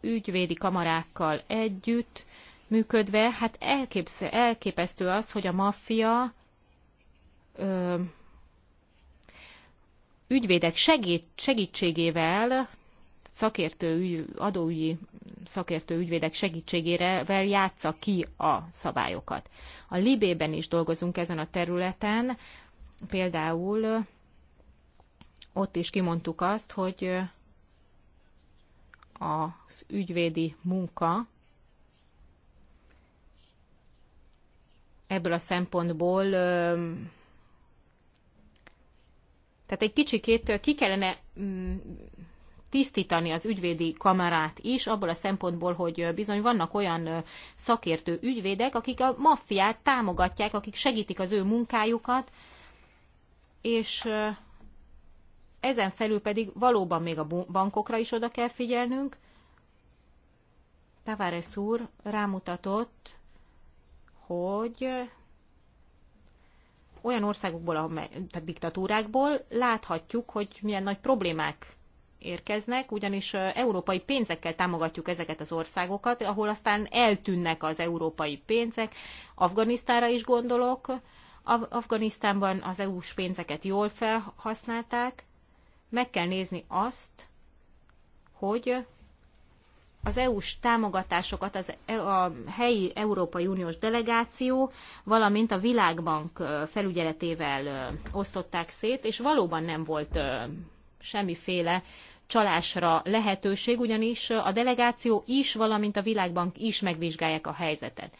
ügyvédi kamarákkal együtt működve, hát elképesztő az, hogy a maffia ö, ügyvédek segít, segítségével, szakértő, adóügyi szakértő ügyvédek segítségével játsza ki a szabályokat. A Libében is dolgozunk ezen a területen, például ott is kimondtuk azt, hogy az ügyvédi munka ebből a szempontból tehát egy kicsikét ki kellene mm, tisztítani az ügyvédi kamarát is, abból a szempontból, hogy bizony vannak olyan szakértő ügyvédek, akik a maffiát támogatják, akik segítik az ő munkájukat, és ezen felül pedig valóban még a bankokra is oda kell figyelnünk. Tavares úr rámutatott, hogy olyan országokból, tehát diktatúrákból láthatjuk, hogy milyen nagy problémák érkeznek, ugyanis európai pénzekkel támogatjuk ezeket az országokat, ahol aztán eltűnnek az európai pénzek. Afganisztára is gondolok. Afganisztánban az EU-s pénzeket jól felhasználták, meg kell nézni azt, hogy az EU-s támogatásokat az, e- a helyi Európai Uniós delegáció, valamint a Világbank felügyeletével osztották szét, és valóban nem volt semmiféle csalásra lehetőség, ugyanis a delegáció is, valamint a Világbank is megvizsgálják a helyzetet.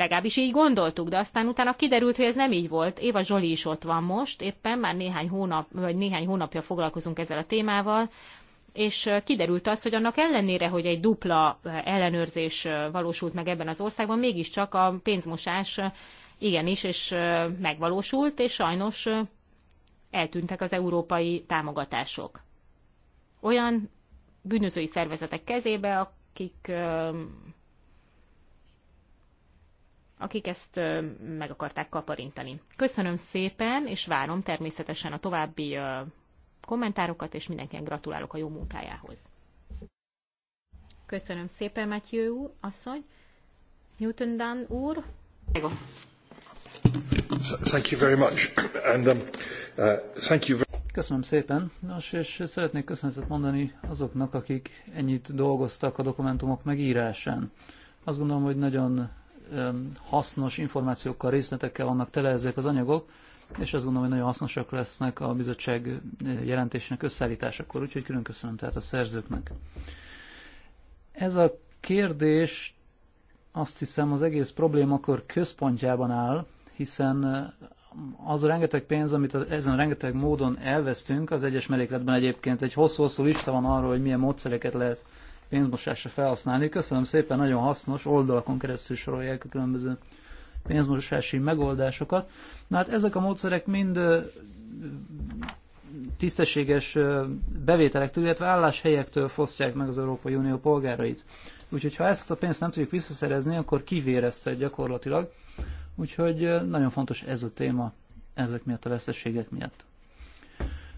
Legalábbis így gondoltuk, de aztán utána kiderült, hogy ez nem így volt. Éva Zsoli is ott van most, éppen már néhány, hónap, vagy néhány hónapja foglalkozunk ezzel a témával, és kiderült az, hogy annak ellenére, hogy egy dupla ellenőrzés valósult meg ebben az országban, mégiscsak a pénzmosás igenis, és megvalósult, és sajnos eltűntek az európai támogatások. Olyan bűnözői szervezetek kezébe, akik akik ezt meg akarták kaparintani. Köszönöm szépen, és várom természetesen a további kommentárokat, és mindenkinek gratulálok a jó munkájához. Köszönöm szépen, Matthew asszony. Newton Dan úr. Thank you very much. And, um, uh, thank you very... Köszönöm szépen. Nos, és szeretnék köszönetet mondani azoknak, akik ennyit dolgoztak a dokumentumok megírásán. Azt gondolom, hogy nagyon hasznos információkkal, részletekkel vannak tele ezek az anyagok, és azt gondolom, hogy nagyon hasznosak lesznek a bizottság jelentésének összeállításakor, úgyhogy külön köszönöm tehát a szerzőknek. Ez a kérdés azt hiszem az egész problémakör központjában áll, hiszen az rengeteg pénz, amit ezen rengeteg módon elvesztünk, az egyes mellékletben egyébként egy hosszú-hosszú lista van arról, hogy milyen módszereket lehet pénzmosásra felhasználni. Köszönöm szépen, nagyon hasznos oldalakon keresztül sorolják a különböző pénzmosási megoldásokat. Na hát ezek a módszerek mind tisztességes bevételektől, illetve álláshelyektől fosztják meg az Európai Unió polgárait. Úgyhogy ha ezt a pénzt nem tudjuk visszaszerezni, akkor kivérezted gyakorlatilag. Úgyhogy nagyon fontos ez a téma ezek miatt, a veszteségek miatt.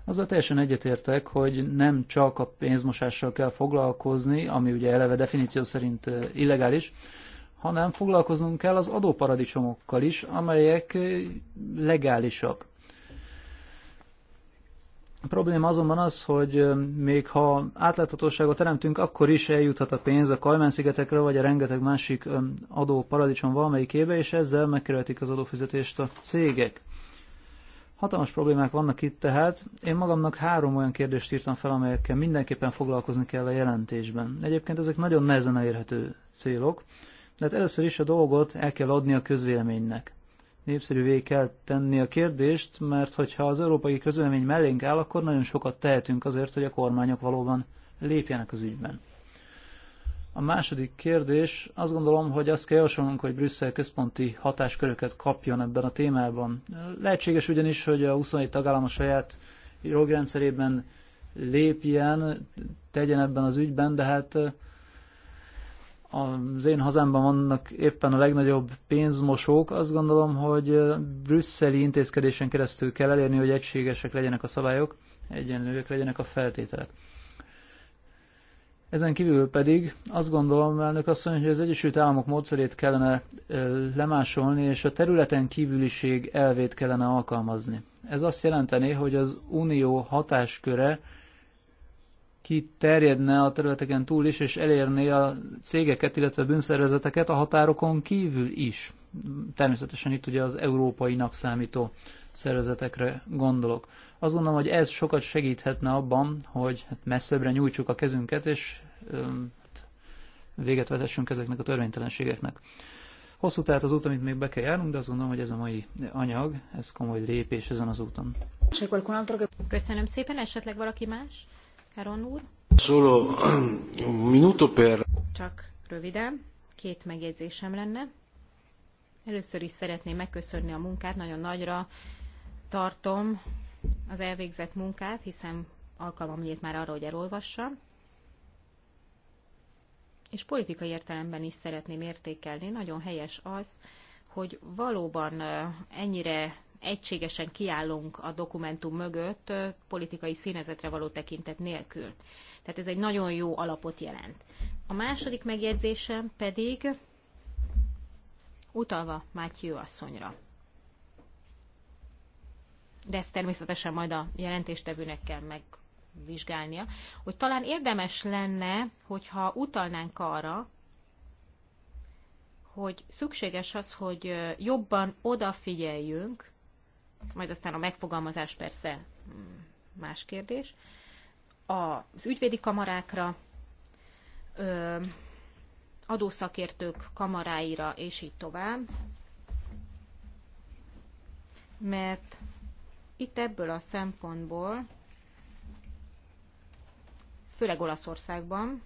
Azzal teljesen egyetértek, hogy nem csak a pénzmosással kell foglalkozni, ami ugye eleve definíció szerint illegális, hanem foglalkoznunk kell az adóparadicsomokkal is, amelyek legálisak. A probléma azonban az, hogy még ha átláthatóságot teremtünk, akkor is eljuthat a pénz a Kajmán-szigetekre, vagy a rengeteg másik adóparadicsom valamelyikébe, és ezzel megkerülhetik az adófizetést a cégek. Hatalmas problémák vannak itt tehát. Én magamnak három olyan kérdést írtam fel, amelyekkel mindenképpen foglalkozni kell a jelentésben. Egyébként ezek nagyon nehezen elérhető célok, de hát először is a dolgot el kell adni a közvéleménynek. Népszerűvé kell tenni a kérdést, mert hogyha az európai közvélemény mellénk áll, akkor nagyon sokat tehetünk azért, hogy a kormányok valóban lépjenek az ügyben. A második kérdés, azt gondolom, hogy azt kell javasolnunk, hogy Brüsszel központi hatásköröket kapjon ebben a témában. Lehetséges ugyanis, hogy a 27 tagállam a saját jogrendszerében lépjen, tegyen ebben az ügyben, de hát eh, az én hazámban vannak éppen a legnagyobb pénzmosók, azt gondolom, hogy eh, brüsszeli intézkedésen keresztül kell elérni, hogy egységesek legyenek a szabályok, egyenlőek legyenek a feltételek. Ezen kívül pedig azt gondolom, elnök asszony, hogy az Egyesült Államok módszerét kellene lemásolni, és a területen kívüliség elvét kellene alkalmazni. Ez azt jelenteni, hogy az unió hatásköre kiterjedne a területeken túl is, és elérné a cégeket, illetve bűnszervezeteket a határokon kívül is. Természetesen itt ugye az európainak számító szervezetekre gondolok. Azt gondolom, hogy ez sokat segíthetne abban, hogy hát messzebbre nyújtsuk a kezünket, és véget vetessünk ezeknek a törvénytelenségeknek. Hosszú tehát az út, amit még be kell járnunk, de azt gondolom, hogy ez a mai anyag, ez komoly lépés ezen az úton. Köszönöm szépen, esetleg valaki más? Karon úr? Solo minuto per... Csak röviden, két megjegyzésem lenne. Először is szeretném megköszönni a munkát, nagyon nagyra tartom az elvégzett munkát, hiszen alkalmam nyílt már arra, hogy elolvassam. És politikai értelemben is szeretném értékelni. Nagyon helyes az, hogy valóban ennyire egységesen kiállunk a dokumentum mögött politikai színezetre való tekintet nélkül. Tehát ez egy nagyon jó alapot jelent. A második megjegyzésem pedig utalva Mátyő asszonyra de ezt természetesen majd a jelentéstevőnek kell megvizsgálnia, hogy talán érdemes lenne, hogyha utalnánk arra, hogy szükséges az, hogy jobban odafigyeljünk, majd aztán a megfogalmazás persze mm, más kérdés, az ügyvédi kamarákra, adószakértők kamaráira, és így tovább, mert itt ebből a szempontból, főleg Olaszországban,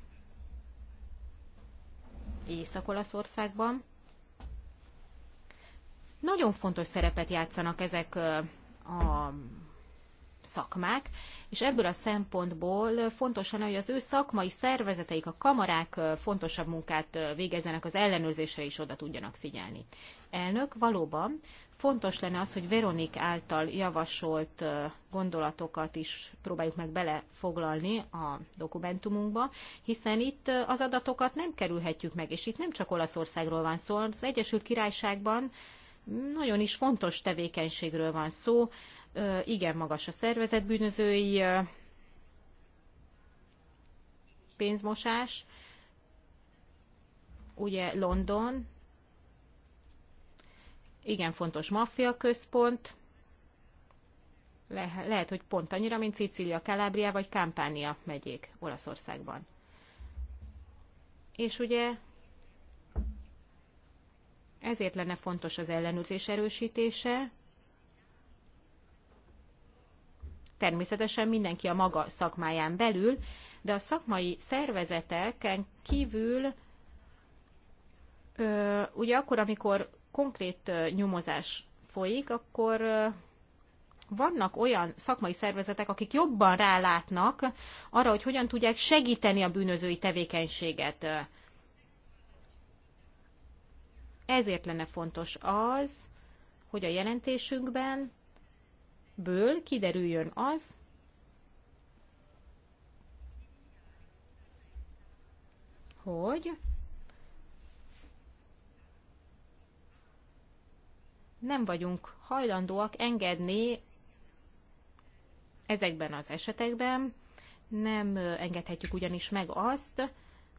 Észak-Olaszországban, nagyon fontos szerepet játszanak ezek a szakmák, és ebből a szempontból fontosan hogy az ő szakmai szervezeteik, a kamarák fontosabb munkát végezzenek, az ellenőrzésre is oda tudjanak figyelni. Elnök, valóban fontos lenne az, hogy Veronik által javasolt gondolatokat is próbáljuk meg belefoglalni a dokumentumunkba, hiszen itt az adatokat nem kerülhetjük meg, és itt nem csak Olaszországról van szó, az Egyesült Királyságban nagyon is fontos tevékenységről van szó, igen magas a szervezetbűnözői pénzmosás, ugye London, igen fontos maffia központ, Le- lehet, hogy pont annyira, mint Cicília, Kalábria vagy Kampánia megyék Olaszországban. És ugye ezért lenne fontos az ellenőrzés erősítése, természetesen mindenki a maga szakmáján belül, de a szakmai szervezeteken kívül ö, ugye akkor, amikor konkrét nyomozás folyik, akkor vannak olyan szakmai szervezetek, akik jobban rálátnak arra, hogy hogyan tudják segíteni a bűnözői tevékenységet. Ezért lenne fontos az, hogy a jelentésünkben ből kiderüljön az, hogy nem vagyunk hajlandóak engedni ezekben az esetekben, nem engedhetjük ugyanis meg azt,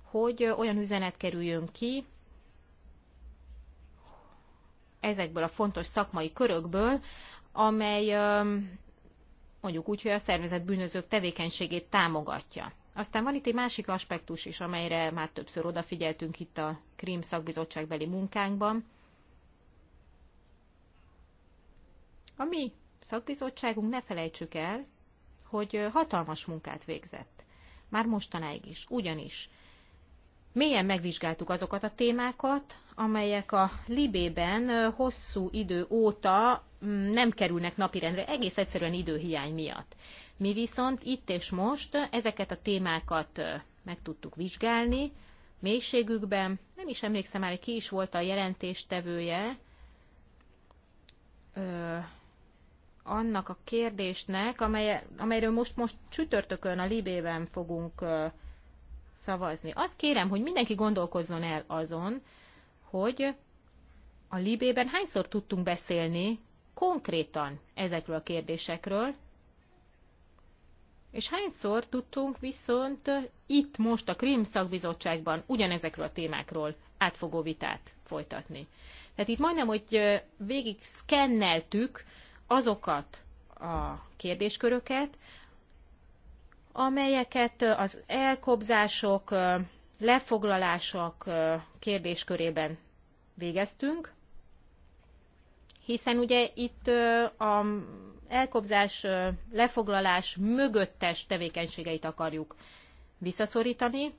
hogy olyan üzenet kerüljön ki ezekből a fontos szakmai körökből, amely mondjuk úgy, hogy a szervezet bűnözők tevékenységét támogatja. Aztán van itt egy másik aspektus is, amelyre már többször odafigyeltünk itt a Krím szakbizottságbeli munkánkban. A mi szakbizottságunk, ne felejtsük el, hogy hatalmas munkát végzett. Már mostanáig is. Ugyanis mélyen megvizsgáltuk azokat a témákat, amelyek a Libében hosszú idő óta mm, nem kerülnek napirendre, egész egyszerűen időhiány miatt. Mi viszont itt és most ezeket a témákat meg tudtuk vizsgálni, mélységükben, nem is emlékszem már, ki is volt a jelentéstevője, annak a kérdésnek, amely, amelyről most, most csütörtökön a Libében fogunk szavazni. Azt kérem, hogy mindenki gondolkozzon el azon, hogy a Libében hányszor tudtunk beszélni konkrétan ezekről a kérdésekről, és hányszor tudtunk viszont itt most a Krim szakbizottságban ugyanezekről a témákról átfogó vitát folytatni. Tehát itt majdnem, hogy végig szkenneltük azokat a kérdésköröket, amelyeket az elkobzások, lefoglalások kérdéskörében végeztünk, hiszen ugye itt a elkobzás, lefoglalás mögöttes tevékenységeit akarjuk visszaszorítani,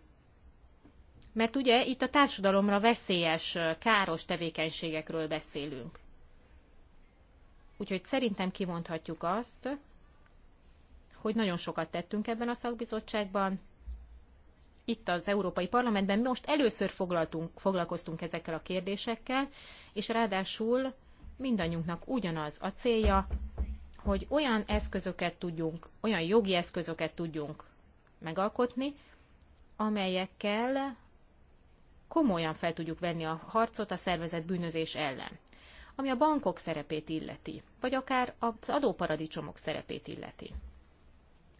mert ugye itt a társadalomra veszélyes, káros tevékenységekről beszélünk. Úgyhogy szerintem kimondhatjuk azt, hogy nagyon sokat tettünk ebben a szakbizottságban. Itt az Európai Parlamentben most először foglaltunk, foglalkoztunk ezekkel a kérdésekkel, és ráadásul mindannyiunknak ugyanaz a célja, hogy olyan eszközöket tudjunk, olyan jogi eszközöket tudjunk megalkotni, amelyekkel komolyan fel tudjuk venni a harcot a szervezett bűnözés ellen ami a bankok szerepét illeti, vagy akár az adóparadicsomok szerepét illeti.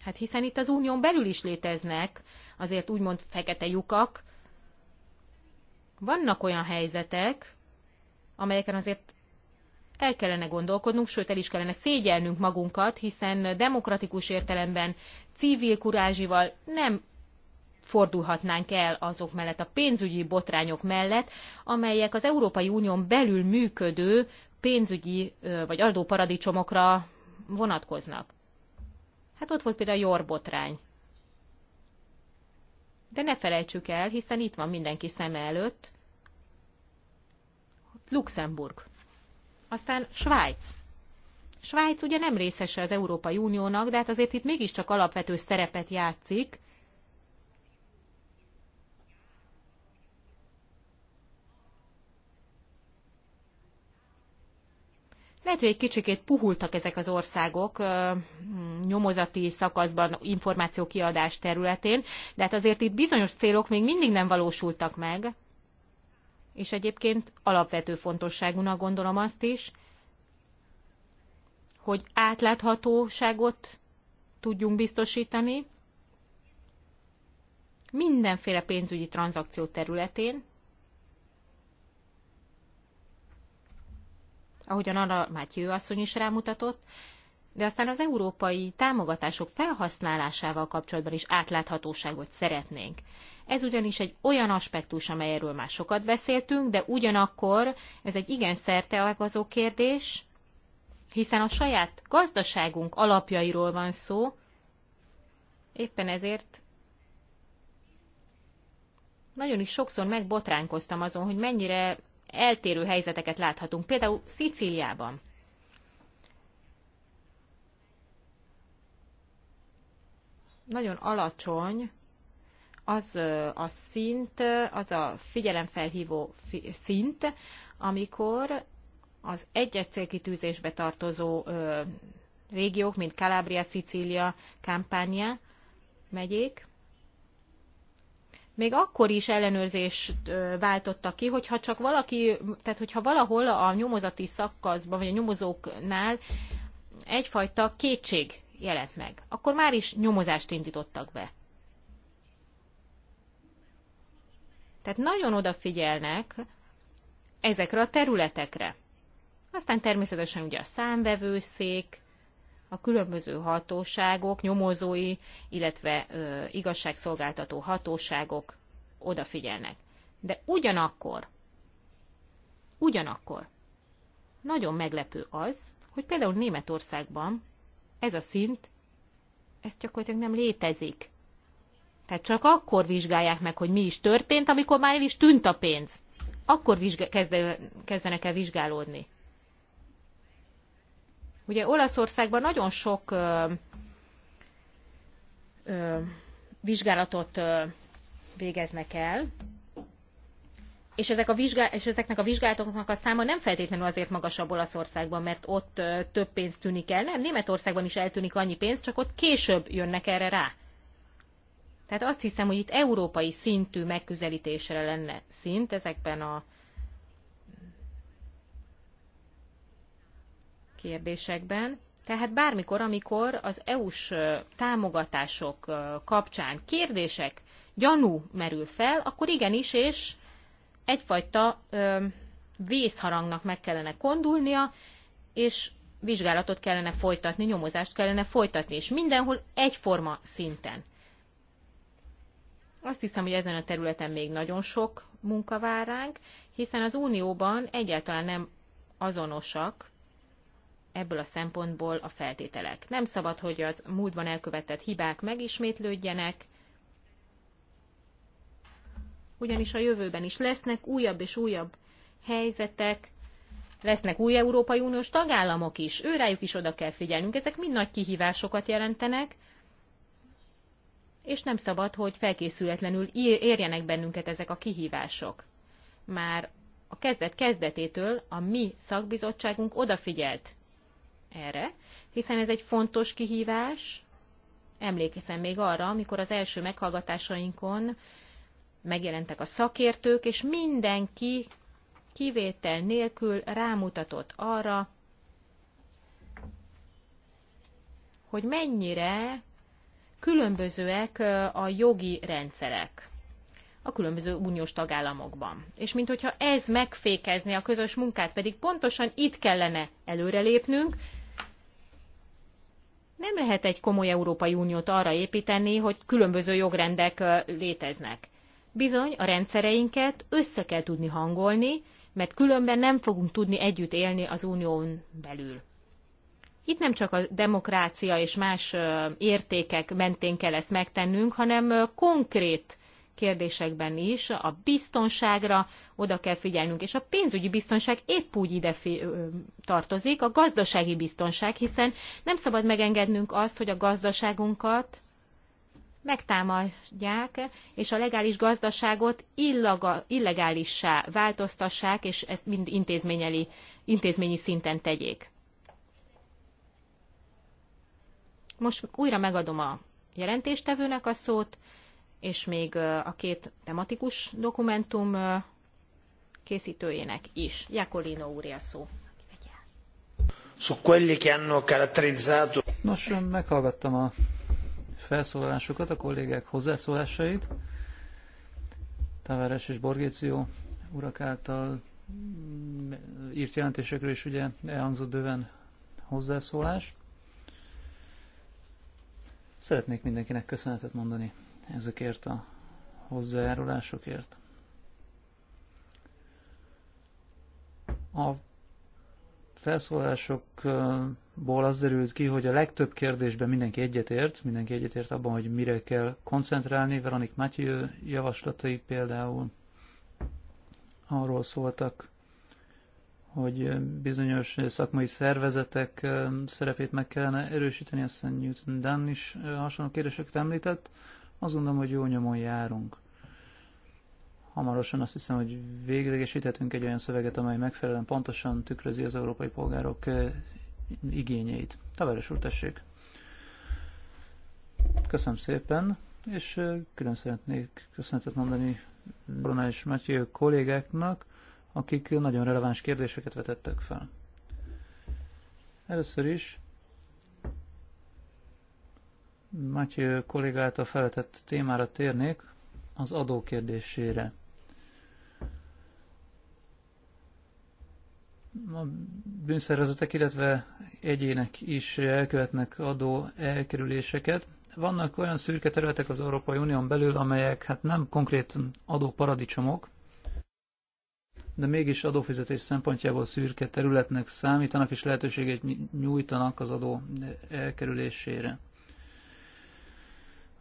Hát hiszen itt az unión belül is léteznek azért úgymond fekete lyukak. Vannak olyan helyzetek, amelyeken azért el kellene gondolkodnunk, sőt el is kellene szégyelnünk magunkat, hiszen demokratikus értelemben civil kurázsival nem fordulhatnánk el azok mellett, a pénzügyi botrányok mellett, amelyek az Európai Unión belül működő pénzügyi vagy adóparadicsomokra vonatkoznak. Hát ott volt például a Jor botrány. De ne felejtsük el, hiszen itt van mindenki szeme előtt. Luxemburg. Aztán Svájc. Svájc ugye nem részese az Európai Uniónak, de hát azért itt mégiscsak alapvető szerepet játszik, Lehet, hogy egy kicsikét puhultak ezek az országok nyomozati szakaszban, kiadás területén, de hát azért itt bizonyos célok még mindig nem valósultak meg, és egyébként alapvető fontosságúnak gondolom azt is, hogy átláthatóságot tudjunk biztosítani mindenféle pénzügyi tranzakció területén, ahogyan arra Mátyő asszony is rámutatott, de aztán az európai támogatások felhasználásával kapcsolatban is átláthatóságot szeretnénk. Ez ugyanis egy olyan aspektus, amelyről már sokat beszéltünk, de ugyanakkor ez egy igen szerteágazó kérdés, hiszen a saját gazdaságunk alapjairól van szó, éppen ezért nagyon is sokszor megbotránkoztam azon, hogy mennyire eltérő helyzeteket láthatunk. Például Szicíliában. Nagyon alacsony az a szint, az a figyelemfelhívó szint, amikor az egyes célkitűzésbe tartozó régiók, mint Calabria, Szicília, Campania megyék, még akkor is ellenőrzést váltottak ki, hogyha csak valaki, tehát hogyha valahol a nyomozati szakaszban, vagy a nyomozóknál egyfajta kétség jelent meg, akkor már is nyomozást indítottak be. Tehát nagyon odafigyelnek ezekre a területekre. Aztán természetesen ugye a számvevőszék, a különböző hatóságok, nyomozói, illetve ö, igazságszolgáltató hatóságok odafigyelnek. De ugyanakkor, ugyanakkor nagyon meglepő az, hogy például Németországban ez a szint, ez gyakorlatilag nem létezik. Tehát csak akkor vizsgálják meg, hogy mi is történt, amikor már el is tűnt a pénz. Akkor vizsga- kezdenek el vizsgálódni. Ugye Olaszországban nagyon sok ö, ö, vizsgálatot ö, végeznek el, és, ezek a vizsgá- és ezeknek a vizsgálatoknak a száma nem feltétlenül azért magasabb Olaszországban, mert ott ö, több pénz tűnik el, nem, Németországban is eltűnik annyi pénz, csak ott később jönnek erre rá. Tehát azt hiszem, hogy itt európai szintű megközelítésre lenne szint ezekben a kérdésekben. Tehát bármikor, amikor az EU-s támogatások kapcsán kérdések, gyanú merül fel, akkor igenis, és egyfajta ö, vészharangnak meg kellene kondulnia, és vizsgálatot kellene folytatni, nyomozást kellene folytatni, és mindenhol egyforma szinten. Azt hiszem, hogy ezen a területen még nagyon sok munka vár ránk, hiszen az Unióban egyáltalán nem azonosak ebből a szempontból a feltételek. Nem szabad, hogy az múltban elkövetett hibák megismétlődjenek, ugyanis a jövőben is lesznek újabb és újabb helyzetek, lesznek új Európai Uniós tagállamok is, őrájuk is oda kell figyelnünk, ezek mind nagy kihívásokat jelentenek, és nem szabad, hogy felkészületlenül érjenek bennünket ezek a kihívások. Már a kezdet kezdetétől a mi szakbizottságunk odafigyelt erre, hiszen ez egy fontos kihívás. Emlékezem még arra, amikor az első meghallgatásainkon megjelentek a szakértők, és mindenki kivétel nélkül rámutatott arra, hogy mennyire különbözőek a jogi rendszerek a különböző uniós tagállamokban. És hogyha ez megfékezni a közös munkát, pedig pontosan itt kellene előrelépnünk, nem lehet egy komoly Európai Uniót arra építeni, hogy különböző jogrendek léteznek. Bizony, a rendszereinket össze kell tudni hangolni, mert különben nem fogunk tudni együtt élni az unión belül. Itt nem csak a demokrácia és más értékek mentén kell ezt megtennünk, hanem konkrét kérdésekben is a biztonságra oda kell figyelnünk, és a pénzügyi biztonság épp úgy ide tartozik, a gazdasági biztonság, hiszen nem szabad megengednünk azt, hogy a gazdaságunkat megtámadják, és a legális gazdaságot illaga, illegálissá változtassák, és ezt mind intézményeli, intézményi szinten tegyék. Most újra megadom a jelentéstevőnek a szót, és még a két tematikus dokumentum készítőjének is. Jakolino úr a szó. Su quelli che hanno caratterizzato. Nos, meghallgattam a felszólalásokat, a kollégák hozzászólásait. Tavares és Borgéció urak által mm, írt jelentésekről is ugye elhangzott bőven hozzászólás. Szeretnék mindenkinek köszönetet mondani ezekért a hozzájárulásokért. A felszólásokból az derült ki, hogy a legtöbb kérdésben mindenki egyetért, mindenki egyetért abban, hogy mire kell koncentrálni, Veronik Matyő javaslatai például arról szóltak, hogy bizonyos szakmai szervezetek szerepét meg kellene erősíteni, aztán Newton Dunn is hasonló kérdéseket említett. Azt gondolom, hogy jó nyomon járunk. Hamarosan azt hiszem, hogy véglegesíthetünk egy olyan szöveget, amely megfelelően pontosan tükrözi az európai polgárok eh, igényeit. Tavares úr, tessék! Köszönöm szépen, és eh, külön szeretnék köszönetet mondani Brona és Matyő kollégáknak, akik nagyon releváns kérdéseket vetettek fel. Először is Matyő kolléga által felvetett témára térnék, az adó kérdésére. A bűnszervezetek, illetve egyének is elkövetnek adó elkerüléseket. Vannak olyan szürke területek az Európai Unión belül, amelyek hát nem konkrét adóparadicsomok, de mégis adófizetés szempontjából szürke területnek számítanak, és lehetőséget nyújtanak az adó elkerülésére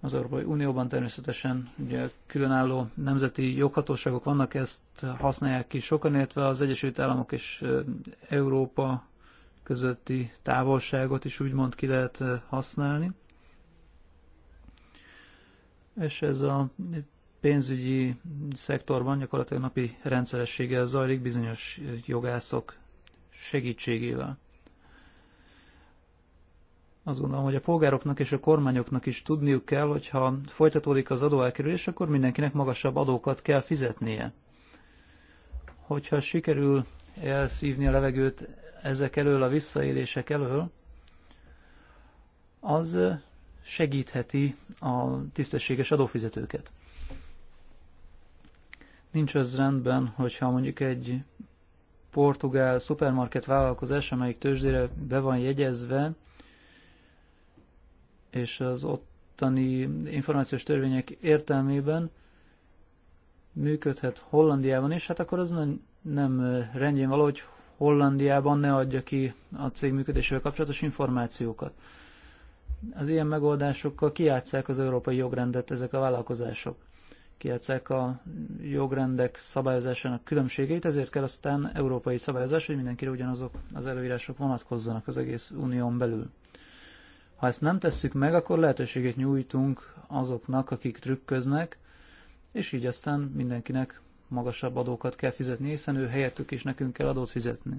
az Európai Unióban természetesen ugye különálló nemzeti joghatóságok vannak, ezt használják ki sokan, illetve az Egyesült Államok és Európa közötti távolságot is úgymond ki lehet használni. És ez a pénzügyi szektorban gyakorlatilag napi rendszerességgel zajlik bizonyos jogászok segítségével. Azt gondolom, hogy a polgároknak és a kormányoknak is tudniuk kell, hogyha folytatódik az adóelkerülés, akkor mindenkinek magasabb adókat kell fizetnie. Hogyha sikerül elszívni a levegőt ezek elől, a visszaélések elől, az segítheti a tisztességes adófizetőket. Nincs az rendben, hogyha mondjuk egy portugál szupermarket vállalkozás, amelyik tőzsdére be van jegyezve, és az ottani információs törvények értelmében működhet Hollandiában is, hát akkor az nem rendjén való, hogy Hollandiában ne adja ki a cég működésével kapcsolatos információkat. Az ilyen megoldásokkal kiátszák az európai jogrendet ezek a vállalkozások. Kiátszák a jogrendek szabályozásának különbségeit, ezért kell aztán európai szabályozás, hogy mindenkire ugyanazok az előírások vonatkozzanak az egész unión belül. Ha ezt nem tesszük meg, akkor lehetőséget nyújtunk azoknak, akik trükköznek, és így aztán mindenkinek magasabb adókat kell fizetni, hiszen ő helyettük is nekünk kell adót fizetni.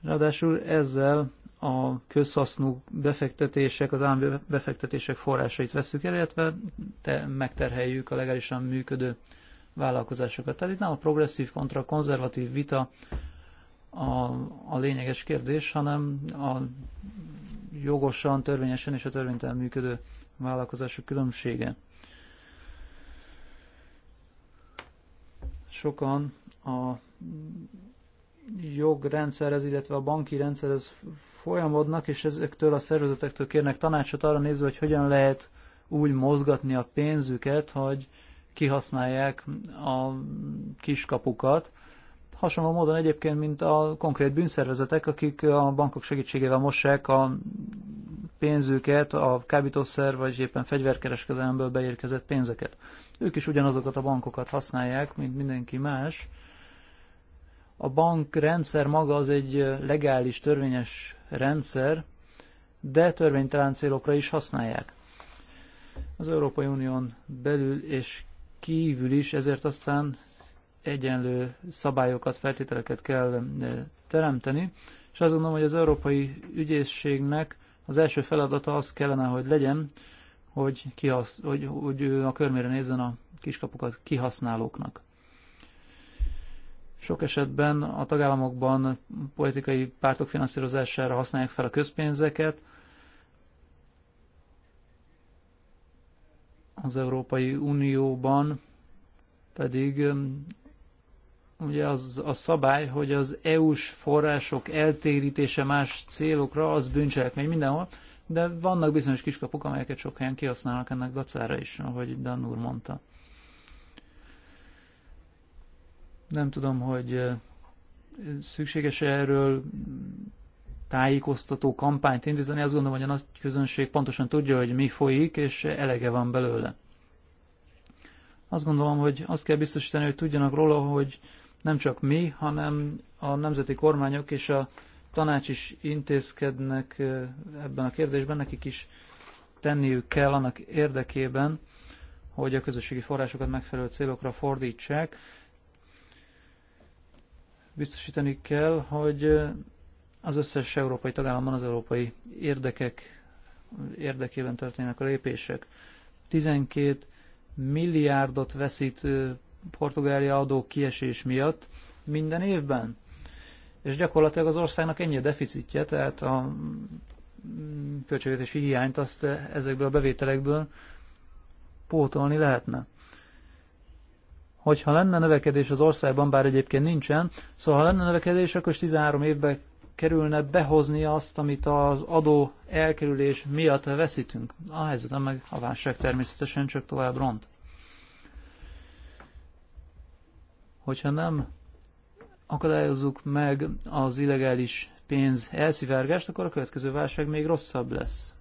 Ráadásul ezzel a közhasznú befektetések, az állami befektetések forrásait veszük el, illetve te megterheljük a legálisan működő vállalkozásokat. Tehát itt nem a progresszív kontra a konzervatív vita a, a lényeges kérdés, hanem a jogosan, törvényesen és a törvénytelen működő vállalkozások különbsége. Sokan a jogrendszerhez, illetve a banki rendszerhez folyamodnak, és ezektől a szervezetektől kérnek tanácsot arra nézve, hogy hogyan lehet úgy mozgatni a pénzüket, hogy kihasználják a kiskapukat, hasonló módon egyébként, mint a konkrét bűnszervezetek, akik a bankok segítségével mossák a pénzüket, a kábítószer vagy éppen fegyverkereskedelemből beérkezett pénzeket. Ők is ugyanazokat a bankokat használják, mint mindenki más. A bankrendszer maga az egy legális, törvényes rendszer, de törvénytelen célokra is használják. Az Európai Unión belül és kívül is, ezért aztán egyenlő szabályokat, feltételeket kell e, teremteni, és azt gondolom, hogy az Európai Ügyészségnek az első feladata az kellene, hogy legyen, hogy, kihasz, hogy, hogy a körmére nézzen a kiskapukat kihasználóknak. Sok esetben a tagállamokban politikai pártok finanszírozására használják fel a közpénzeket. Az Európai Unióban pedig ugye az a szabály, hogy az EU-s források eltérítése más célokra az bűncselekmény mindenhol, de vannak bizonyos kiskapuk, amelyeket sok helyen kihasználnak ennek dacára is, ahogy Dan úr mondta. Nem tudom, hogy eh, szükséges -e erről tájékoztató kampányt indítani. Azt gondolom, hogy a nagy közönség pontosan tudja, hogy mi folyik, és elege van belőle. Azt gondolom, hogy azt kell biztosítani, hogy tudjanak róla, hogy nem csak mi, hanem a nemzeti kormányok és a tanács is intézkednek ebben a kérdésben, nekik is tenniük kell annak érdekében, hogy a közösségi forrásokat megfelelő célokra fordítsák. Biztosítani kell, hogy az összes európai tagállamban az európai érdekek érdekében történnek a lépések. 12 milliárdot veszít Portugália adó kiesés miatt minden évben. És gyakorlatilag az országnak ennyi a deficitje, tehát a mm, költségvetési hiányt azt ezekből a bevételekből pótolni lehetne. Hogyha lenne növekedés az országban, bár egyébként nincsen, szóval ha lenne növekedés, akkor is 13 évben kerülne behozni azt, amit az adó elkerülés miatt veszítünk. A helyzetem meg a válság természetesen csak tovább ront. Hogyha nem akadályozzuk meg az illegális pénz elszivárgást, akkor a következő válság még rosszabb lesz.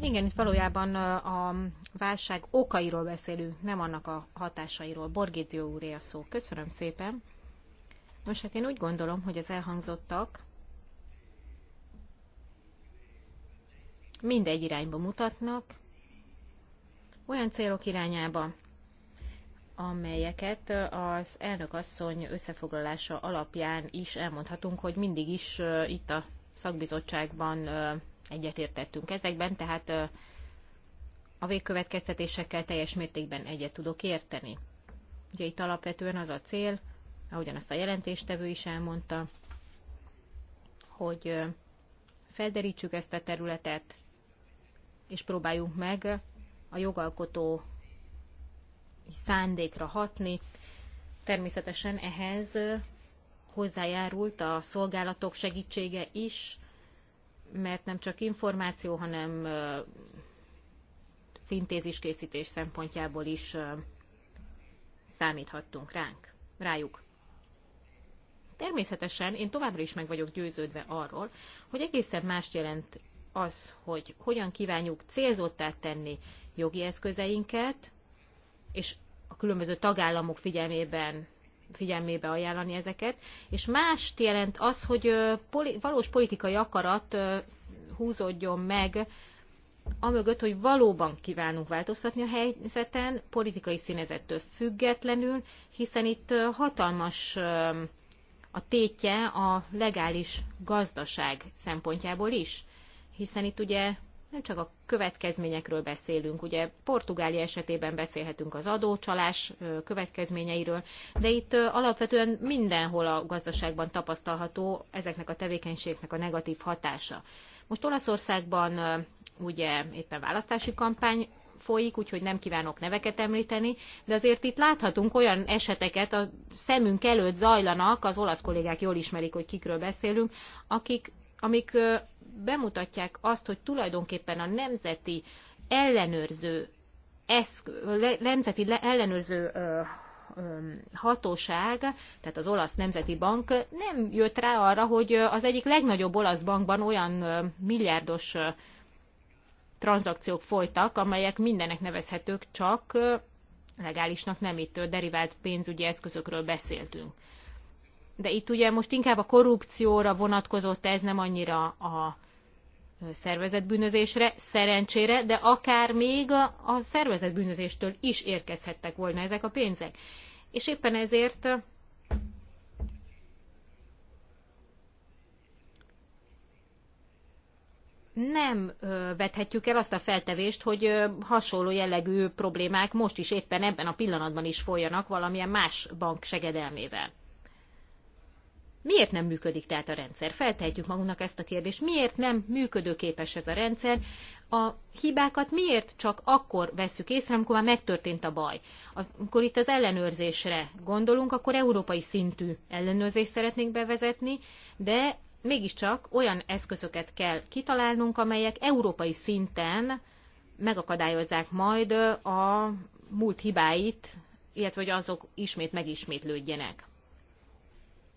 Igen, itt valójában a válság okairól beszélünk, nem annak a hatásairól. Borgézió úré a szó. Köszönöm szépen. Nos, hát én úgy gondolom, hogy az elhangzottak mindegy irányba mutatnak, olyan célok irányába, amelyeket az elnök asszony összefoglalása alapján is elmondhatunk, hogy mindig is itt a szakbizottságban egyetértettünk ezekben, tehát a végkövetkeztetésekkel teljes mértékben egyet tudok érteni. Ugye itt alapvetően az a cél, ahogyan azt a jelentéstevő is elmondta, hogy felderítsük ezt a területet, és próbáljunk meg a jogalkotó szándékra hatni. Természetesen ehhez hozzájárult a szolgálatok segítsége is, mert nem csak információ, hanem szintéziskészítés szempontjából is számíthattunk ránk, rájuk. Természetesen én továbbra is meg vagyok győződve arról, hogy egészen más jelent az, hogy hogyan kívánjuk célzottá tenni jogi eszközeinket, és a különböző tagállamok figyelmében figyelmébe ajánlani ezeket, és mást jelent az, hogy poli, valós politikai akarat húzódjon meg amögött, hogy valóban kívánunk változtatni a helyzeten, politikai színezettől függetlenül, hiszen itt hatalmas a tétje a legális gazdaság szempontjából is, hiszen itt ugye nem csak a következményekről beszélünk, ugye Portugália esetében beszélhetünk az adócsalás következményeiről, de itt alapvetően mindenhol a gazdaságban tapasztalható ezeknek a tevékenységeknek a negatív hatása. Most Olaszországban ugye éppen választási kampány folyik, úgyhogy nem kívánok neveket említeni, de azért itt láthatunk olyan eseteket, a szemünk előtt zajlanak, az olasz kollégák jól ismerik, hogy kikről beszélünk, akik, amik bemutatják azt, hogy tulajdonképpen a nemzeti ellenőrző eszk- nemzeti ellenőrző hatóság, tehát az olasz nemzeti bank nem jött rá arra, hogy az egyik legnagyobb olasz bankban olyan milliárdos tranzakciók folytak, amelyek mindenek nevezhetők, csak legálisnak nem itt derivált pénzügyi eszközökről beszéltünk de itt ugye most inkább a korrupcióra vonatkozott ez nem annyira a szervezetbűnözésre, szerencsére, de akár még a szervezetbűnözéstől is érkezhettek volna ezek a pénzek. És éppen ezért nem vethetjük el azt a feltevést, hogy hasonló jellegű problémák most is éppen ebben a pillanatban is folyanak valamilyen más bank segedelmével. Miért nem működik tehát a rendszer? Feltehetjük magunknak ezt a kérdést. Miért nem működőképes ez a rendszer? A hibákat miért csak akkor vesszük észre, amikor már megtörtént a baj? Amikor itt az ellenőrzésre gondolunk, akkor európai szintű ellenőrzést szeretnénk bevezetni, de mégiscsak olyan eszközöket kell kitalálnunk, amelyek európai szinten megakadályozzák majd a múlt hibáit, illetve hogy azok ismét megismétlődjenek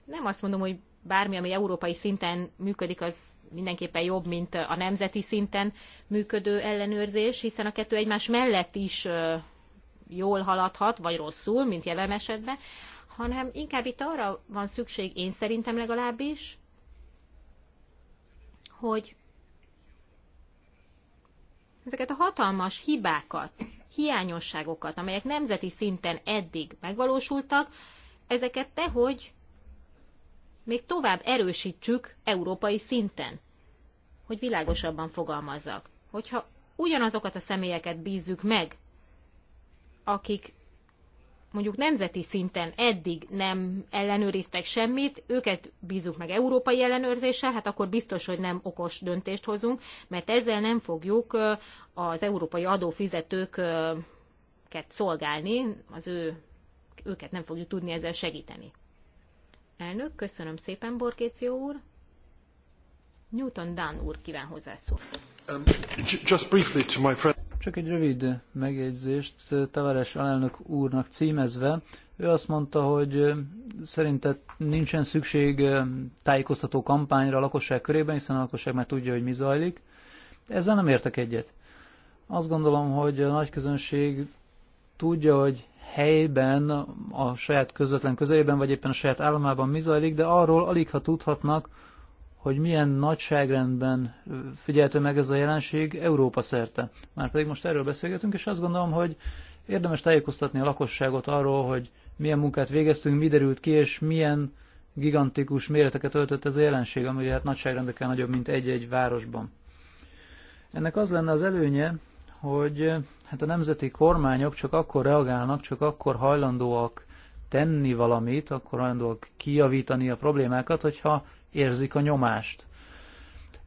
nem azt mondom, hogy bármi, ami európai szinten működik, az mindenképpen jobb, mint a nemzeti szinten működő ellenőrzés, hiszen a kettő egymás mellett is jól haladhat, vagy rosszul, mint jelen esetben, hanem inkább itt arra van szükség, én szerintem legalábbis, hogy ezeket a hatalmas hibákat, hiányosságokat, amelyek nemzeti szinten eddig megvalósultak, ezeket tehogy még tovább erősítsük európai szinten, hogy világosabban fogalmazzak. Hogyha ugyanazokat a személyeket bízzük meg, akik mondjuk nemzeti szinten eddig nem ellenőriztek semmit, őket bízunk meg európai ellenőrzéssel, hát akkor biztos, hogy nem okos döntést hozunk, mert ezzel nem fogjuk az európai adófizetőket szolgálni, az ő, őket nem fogjuk tudni ezzel segíteni. Elnök, köszönöm szépen, Borkéció úr. Newton Dan úr kíván hozzászólni. Um, just briefly to my friend. Csak egy rövid megjegyzést uh, Tavares alelnök úrnak címezve. Ő azt mondta, hogy uh, szerintet nincsen szükség uh, tájékoztató kampányra a lakosság körében, hiszen a lakosság már tudja, hogy mi zajlik. Ezzel nem értek egyet. Azt gondolom, hogy a nagy közönség tudja, hogy helyben, a saját közvetlen közelében, vagy éppen a saját államában mi zajlik, de arról alig ha tudhatnak, hogy milyen nagyságrendben figyelhető meg ez a jelenség Európa szerte. Márpedig most erről beszélgetünk, és azt gondolom, hogy érdemes tájékoztatni a lakosságot arról, hogy milyen munkát végeztünk, mi derült ki, és milyen gigantikus méreteket öltött ez a jelenség, ami hát nagyságrendekkel nagyobb, mint egy-egy városban. Ennek az lenne az előnye, hogy hát a nemzeti kormányok csak akkor reagálnak, csak akkor hajlandóak tenni valamit, akkor hajlandóak kijavítani a problémákat, hogyha érzik a nyomást.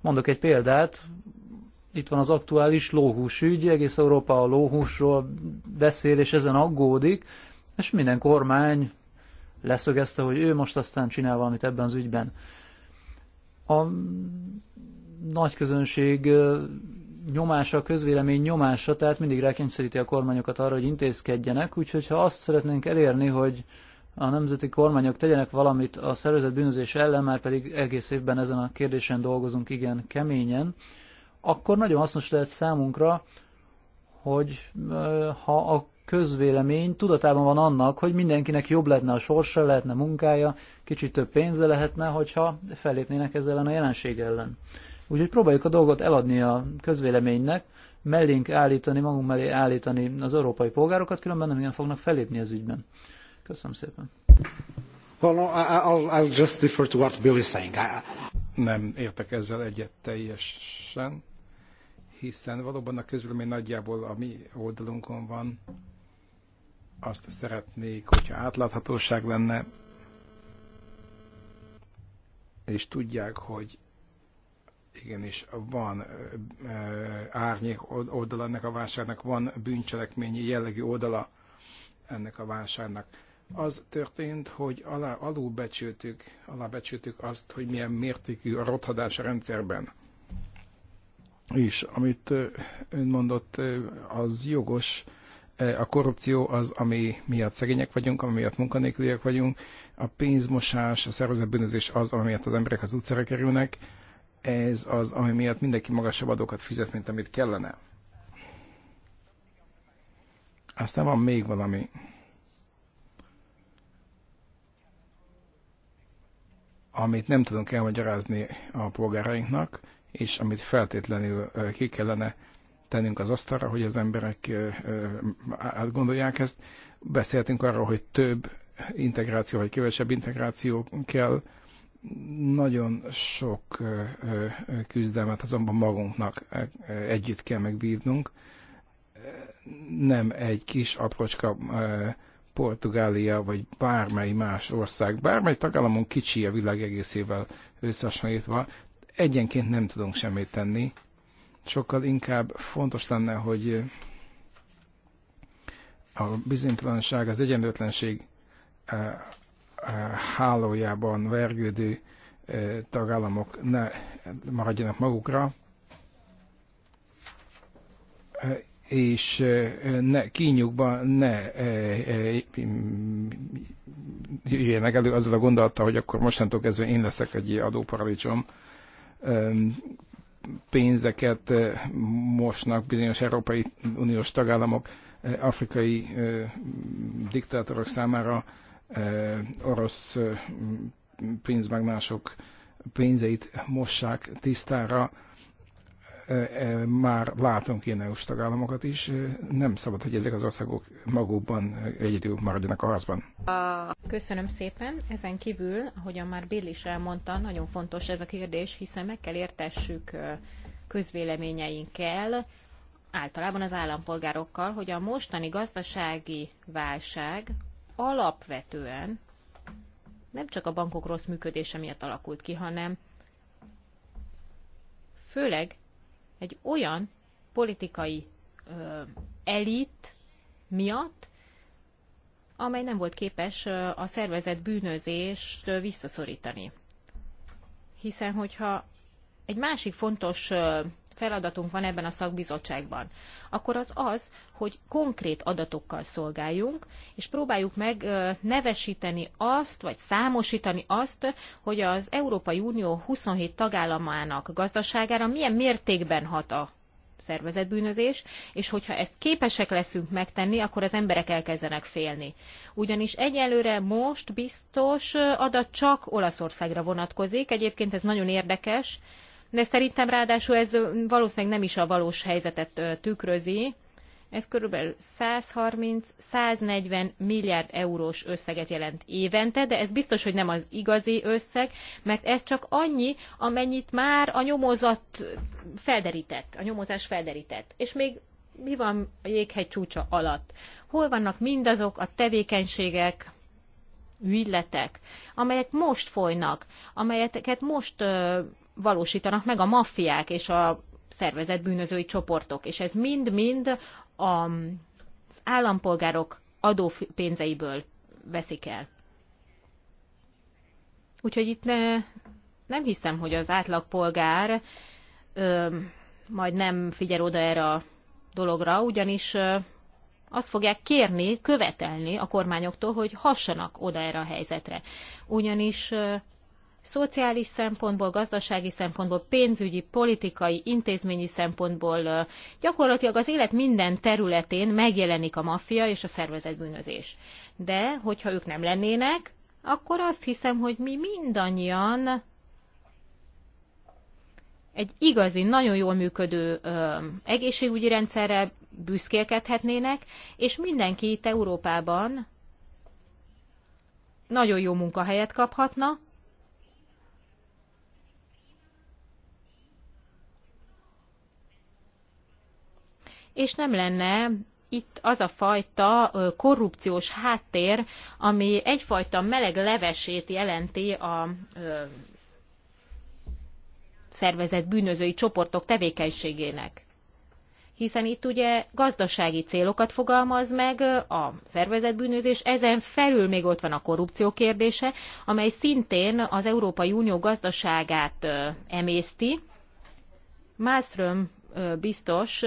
Mondok egy példát, itt van az aktuális ügy, egész Európa a lóhúsról beszél, és ezen aggódik, és minden kormány leszögezte, hogy ő most aztán csinál valamit ebben az ügyben. A nagy közönség nyomása, a közvélemény nyomása, tehát mindig rákényszeríti a kormányokat arra, hogy intézkedjenek, úgyhogy ha azt szeretnénk elérni, hogy a nemzeti kormányok tegyenek valamit a szervezet bűnözés ellen, már pedig egész évben ezen a kérdésen dolgozunk igen keményen, akkor nagyon hasznos lehet számunkra, hogy ha a közvélemény tudatában van annak, hogy mindenkinek jobb lehetne a sorsa, lehetne munkája, kicsit több pénze lehetne, hogyha fellépnének ezzel ellen a jelenség ellen. Úgyhogy próbáljuk a dolgot eladni a közvéleménynek, mellénk állítani, magunk mellé állítani az európai polgárokat, különben nem igen fognak felépni az ügyben. Köszönöm szépen. Well, no, I'll, I'll just defer to what Bill is saying. I... Nem értek ezzel egyet teljesen, hiszen valóban a közvélemény nagyjából a mi oldalunkon van. Azt szeretnék, hogyha átláthatóság lenne, és tudják, hogy igenis van árnyék oldala ennek a válságnak, van bűncselekményi jellegű oldala ennek a válságnak. Az történt, hogy alá, alulbecsültük, alábecsültük azt, hogy milyen mértékű a rothadás a rendszerben. És amit ön mondott, az jogos, a korrupció az, ami miatt szegények vagyunk, ami miatt munkanélküliek vagyunk, a pénzmosás, a szervezetbűnözés az, ami miatt az emberek az utcára kerülnek, ez az, ami miatt mindenki magasabb adókat fizet, mint amit kellene. Aztán van még valami. amit nem tudunk elmagyarázni a polgárainknak, és amit feltétlenül ki kellene tennünk az asztalra, hogy az emberek átgondolják ezt. Beszéltünk arról, hogy több integráció, vagy kevesebb integráció kell, nagyon sok küzdelmet azonban magunknak együtt kell megvívnunk. Nem egy kis aprócska Portugália, vagy bármely más ország, bármely tagállamon kicsi a világ egészével összehasonlítva, egyenként nem tudunk semmit tenni. Sokkal inkább fontos lenne, hogy a bizonytalanság, az egyenlőtlenség hálójában vergődő tagállamok ne maradjanak magukra, és ne, kínjukban ne jöjjenek elő azzal a gondolattal, hogy akkor mostantól kezdve én leszek egy adóparadicsom. Pénzeket mosnak bizonyos Európai Uniós tagállamok afrikai diktátorok számára, orosz pénzmagnások pénzeit mossák tisztára, már látunk ilyen EU-s tagállamokat is. Nem szabad, hogy ezek az országok magukban egyedül maradjanak a harcban. Köszönöm szépen. Ezen kívül, ahogyan már Bill is elmondta, nagyon fontos ez a kérdés, hiszen meg kell értessük közvéleményeinkkel, általában az állampolgárokkal, hogy a mostani gazdasági válság alapvetően nem csak a bankok rossz működése miatt alakult ki, hanem főleg egy olyan politikai ö, elit miatt, amely nem volt képes a szervezet bűnözést visszaszorítani. Hiszen, hogyha egy másik fontos feladatunk van ebben a szakbizottságban, akkor az az, hogy konkrét adatokkal szolgáljunk, és próbáljuk meg nevesíteni azt, vagy számosítani azt, hogy az Európai Unió 27 tagállamának gazdaságára milyen mértékben hat a szervezetbűnözés, és hogyha ezt képesek leszünk megtenni, akkor az emberek elkezdenek félni. Ugyanis egyelőre most biztos adat csak Olaszországra vonatkozik, egyébként ez nagyon érdekes, de szerintem ráadásul ez valószínűleg nem is a valós helyzetet tükrözi. Ez körülbelül 130-140 milliárd eurós összeget jelent évente, de ez biztos, hogy nem az igazi összeg, mert ez csak annyi, amennyit már a nyomozat felderített, a nyomozás felderített. És még mi van a jéghegy csúcsa alatt? Hol vannak mindazok a tevékenységek, ügyletek, amelyek most folynak, amelyeket most ö, valósítanak meg a maffiák és a szervezett bűnözői csoportok, és ez mind-mind az állampolgárok adópénzeiből veszik el. Úgyhogy itt ne, nem hiszem, hogy az átlagpolgár ö, majd nem figyel oda erre a dologra, ugyanis ö, azt fogják kérni, követelni a kormányoktól, hogy hassanak oda erre a helyzetre. Ugyanis ö, szociális szempontból, gazdasági szempontból, pénzügyi, politikai, intézményi szempontból gyakorlatilag az élet minden területén megjelenik a maffia és a szervezetbűnözés. De hogyha ők nem lennének, akkor azt hiszem, hogy mi mindannyian egy igazi, nagyon jól működő ö, egészségügyi rendszerre büszkélkedhetnének, és mindenki itt Európában nagyon jó munkahelyet kaphatna, és nem lenne itt az a fajta korrupciós háttér, ami egyfajta meleg levesét jelenti a szervezett bűnözői csoportok tevékenységének. Hiszen itt ugye gazdasági célokat fogalmaz meg a szervezett bűnözés, ezen felül még ott van a korrupció kérdése, amely szintén az Európai Unió gazdaságát emészti. Mászröm biztos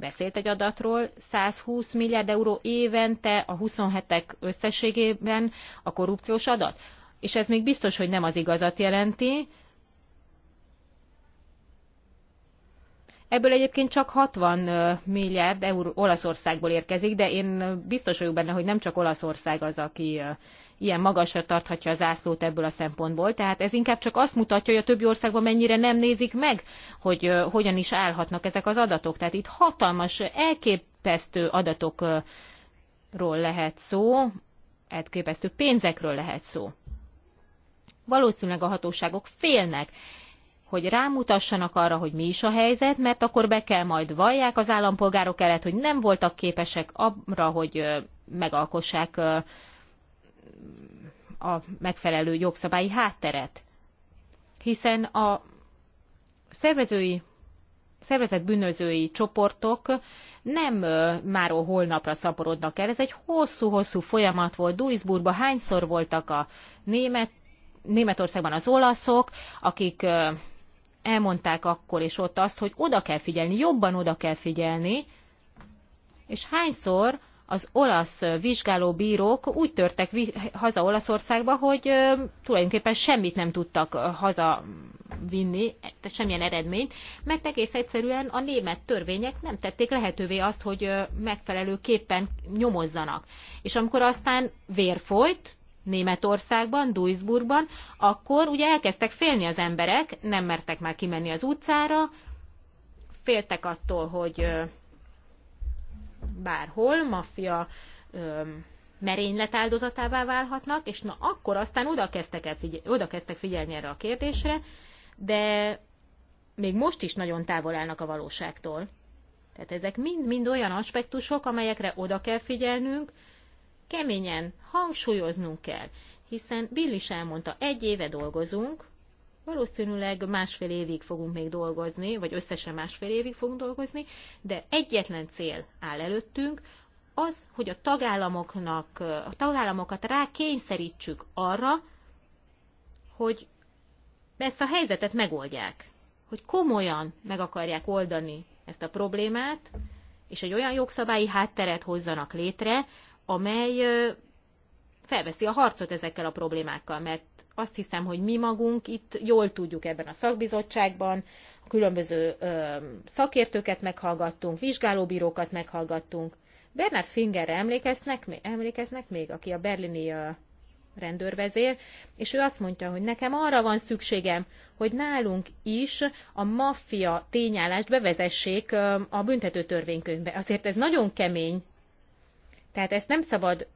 beszélt egy adatról, 120 milliárd euró évente a 27-ek összességében a korrupciós adat. És ez még biztos, hogy nem az igazat jelenti. Ebből egyébként csak 60 milliárd euró Olaszországból érkezik, de én biztos vagyok benne, hogy nem csak Olaszország az, aki ilyen magasra tarthatja az ászlót ebből a szempontból. Tehát ez inkább csak azt mutatja, hogy a többi országban mennyire nem nézik meg, hogy hogyan is állhatnak ezek az adatok. Tehát itt hatalmas, elképesztő adatokról lehet szó, elképesztő pénzekről lehet szó. Valószínűleg a hatóságok félnek, hogy rámutassanak arra, hogy mi is a helyzet, mert akkor be kell majd vallják az állampolgárok előtt, hogy nem voltak képesek arra, hogy megalkossák a megfelelő jogszabályi hátteret. Hiszen a szervezői szervezett bűnözői csoportok nem már holnapra szaporodnak el. Ez egy hosszú-hosszú folyamat volt. Duisburgban hányszor voltak a német, Németországban az olaszok, akik elmondták akkor és ott azt, hogy oda kell figyelni, jobban oda kell figyelni, és hányszor az olasz vizsgálóbírók úgy törtek haza Olaszországba, hogy tulajdonképpen semmit nem tudtak haza vinni, tehát semmilyen eredményt, mert egész egyszerűen a német törvények nem tették lehetővé azt, hogy megfelelőképpen nyomozzanak. És amikor aztán vér folyt, Németországban, Duisburgban, akkor ugye elkezdtek félni az emberek, nem mertek már kimenni az utcára, féltek attól, hogy bárhol maffia merénylet áldozatává válhatnak, és na akkor aztán oda kezdtek, el figyel, oda kezdtek figyelni erre a kérdésre, de még most is nagyon távol állnak a valóságtól. Tehát ezek mind-mind olyan aspektusok, amelyekre oda kell figyelnünk, keményen hangsúlyoznunk kell, hiszen Bill is elmondta, egy éve dolgozunk, Valószínűleg másfél évig fogunk még dolgozni, vagy összesen másfél évig fogunk dolgozni, de egyetlen cél áll előttünk, az, hogy a tagállamoknak, a tagállamokat rá kényszerítsük arra, hogy ezt a helyzetet megoldják, hogy komolyan meg akarják oldani ezt a problémát, és egy olyan jogszabályi hátteret hozzanak létre, amely felveszi a harcot ezekkel a problémákkal, mert azt hiszem, hogy mi magunk itt jól tudjuk ebben a szakbizottságban, különböző ö, szakértőket meghallgattunk, vizsgálóbírókat meghallgattunk. Bernard Fingerre emlékeznek, emlékeznek még, aki a berlini ö, rendőrvezér, és ő azt mondta, hogy nekem arra van szükségem, hogy nálunk is a maffia tényállást bevezessék a büntető törvénykönyvbe. Azért ez nagyon kemény. Tehát ezt nem szabad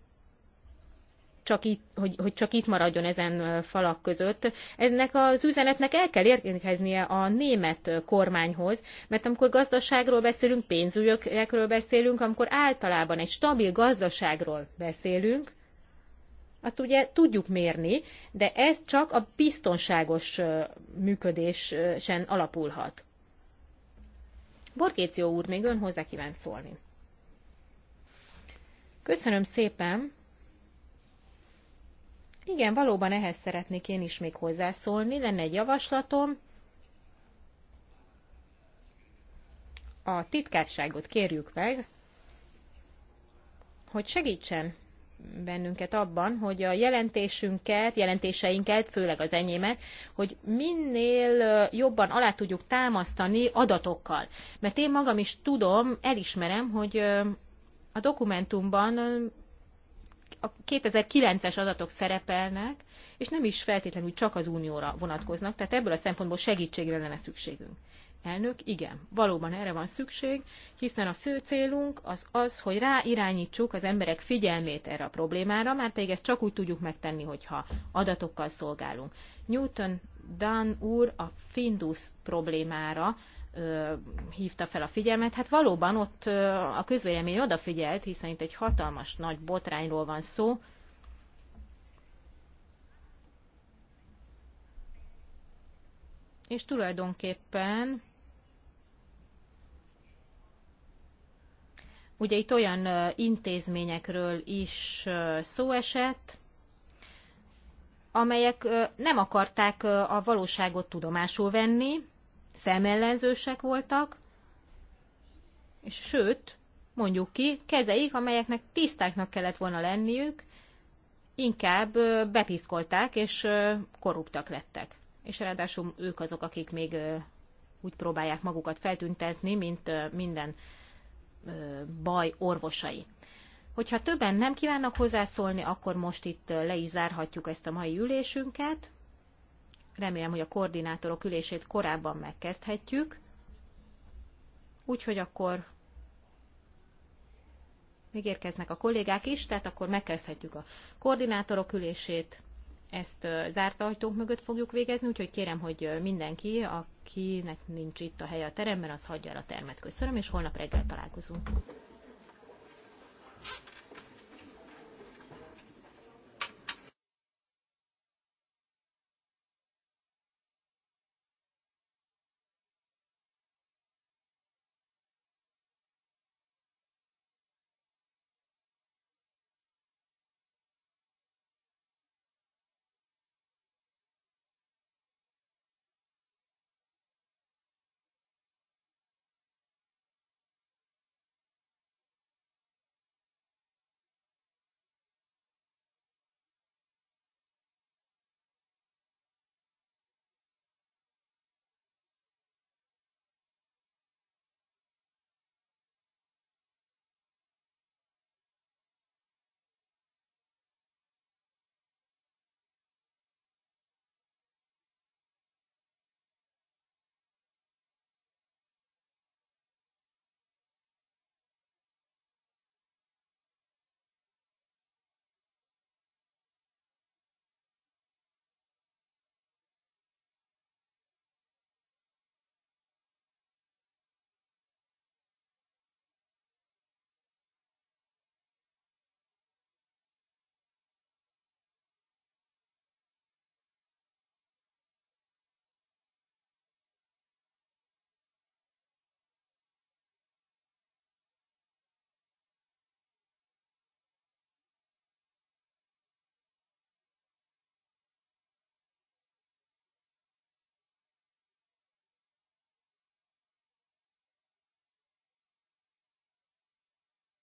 csak itt, hogy, hogy csak itt maradjon ezen falak között. Ennek az üzenetnek el kell érkeznie a német kormányhoz, mert amikor gazdaságról beszélünk, pénzügyekről beszélünk, amikor általában egy stabil gazdaságról beszélünk, azt ugye tudjuk mérni, de ez csak a biztonságos működésen alapulhat. Borgéció úr, még ön hozzá kívánt szólni. Köszönöm szépen! Igen, valóban ehhez szeretnék én is még hozzászólni. Lenne egy javaslatom. A titkárságot kérjük meg, hogy segítsen bennünket abban, hogy a jelentésünket, jelentéseinket, főleg az enyémet, hogy minél jobban alá tudjuk támasztani adatokkal. Mert én magam is tudom, elismerem, hogy a dokumentumban a 2009-es adatok szerepelnek, és nem is feltétlenül csak az unióra vonatkoznak, tehát ebből a szempontból segítségre lenne szükségünk. Elnök, igen, valóban erre van szükség, hiszen a fő célunk az az, hogy ráirányítsuk az emberek figyelmét erre a problémára, már pedig ezt csak úgy tudjuk megtenni, hogyha adatokkal szolgálunk. Newton Dan úr a Findus problémára hívta fel a figyelmet. Hát valóban ott a közvélemény odafigyelt, hiszen itt egy hatalmas nagy botrányról van szó. És tulajdonképpen ugye itt olyan intézményekről is szó esett, amelyek nem akarták a valóságot tudomásul venni, szemellenzősek voltak, és sőt, mondjuk ki, kezeik, amelyeknek tisztáknak kellett volna lenniük, inkább bepiszkolták és korruptak lettek. És ráadásul ők azok, akik még úgy próbálják magukat feltüntetni, mint minden baj orvosai. Hogyha többen nem kívánnak hozzászólni, akkor most itt le is zárhatjuk ezt a mai ülésünket. Remélem, hogy a koordinátorok ülését korábban megkezdhetjük. Úgyhogy akkor még érkeznek a kollégák is, tehát akkor megkezdhetjük a koordinátorok ülését. Ezt zárt ajtók mögött fogjuk végezni, úgyhogy kérem, hogy mindenki, akinek nincs itt a helye a teremben, az hagyja el a termet. Köszönöm, és holnap reggel találkozunk.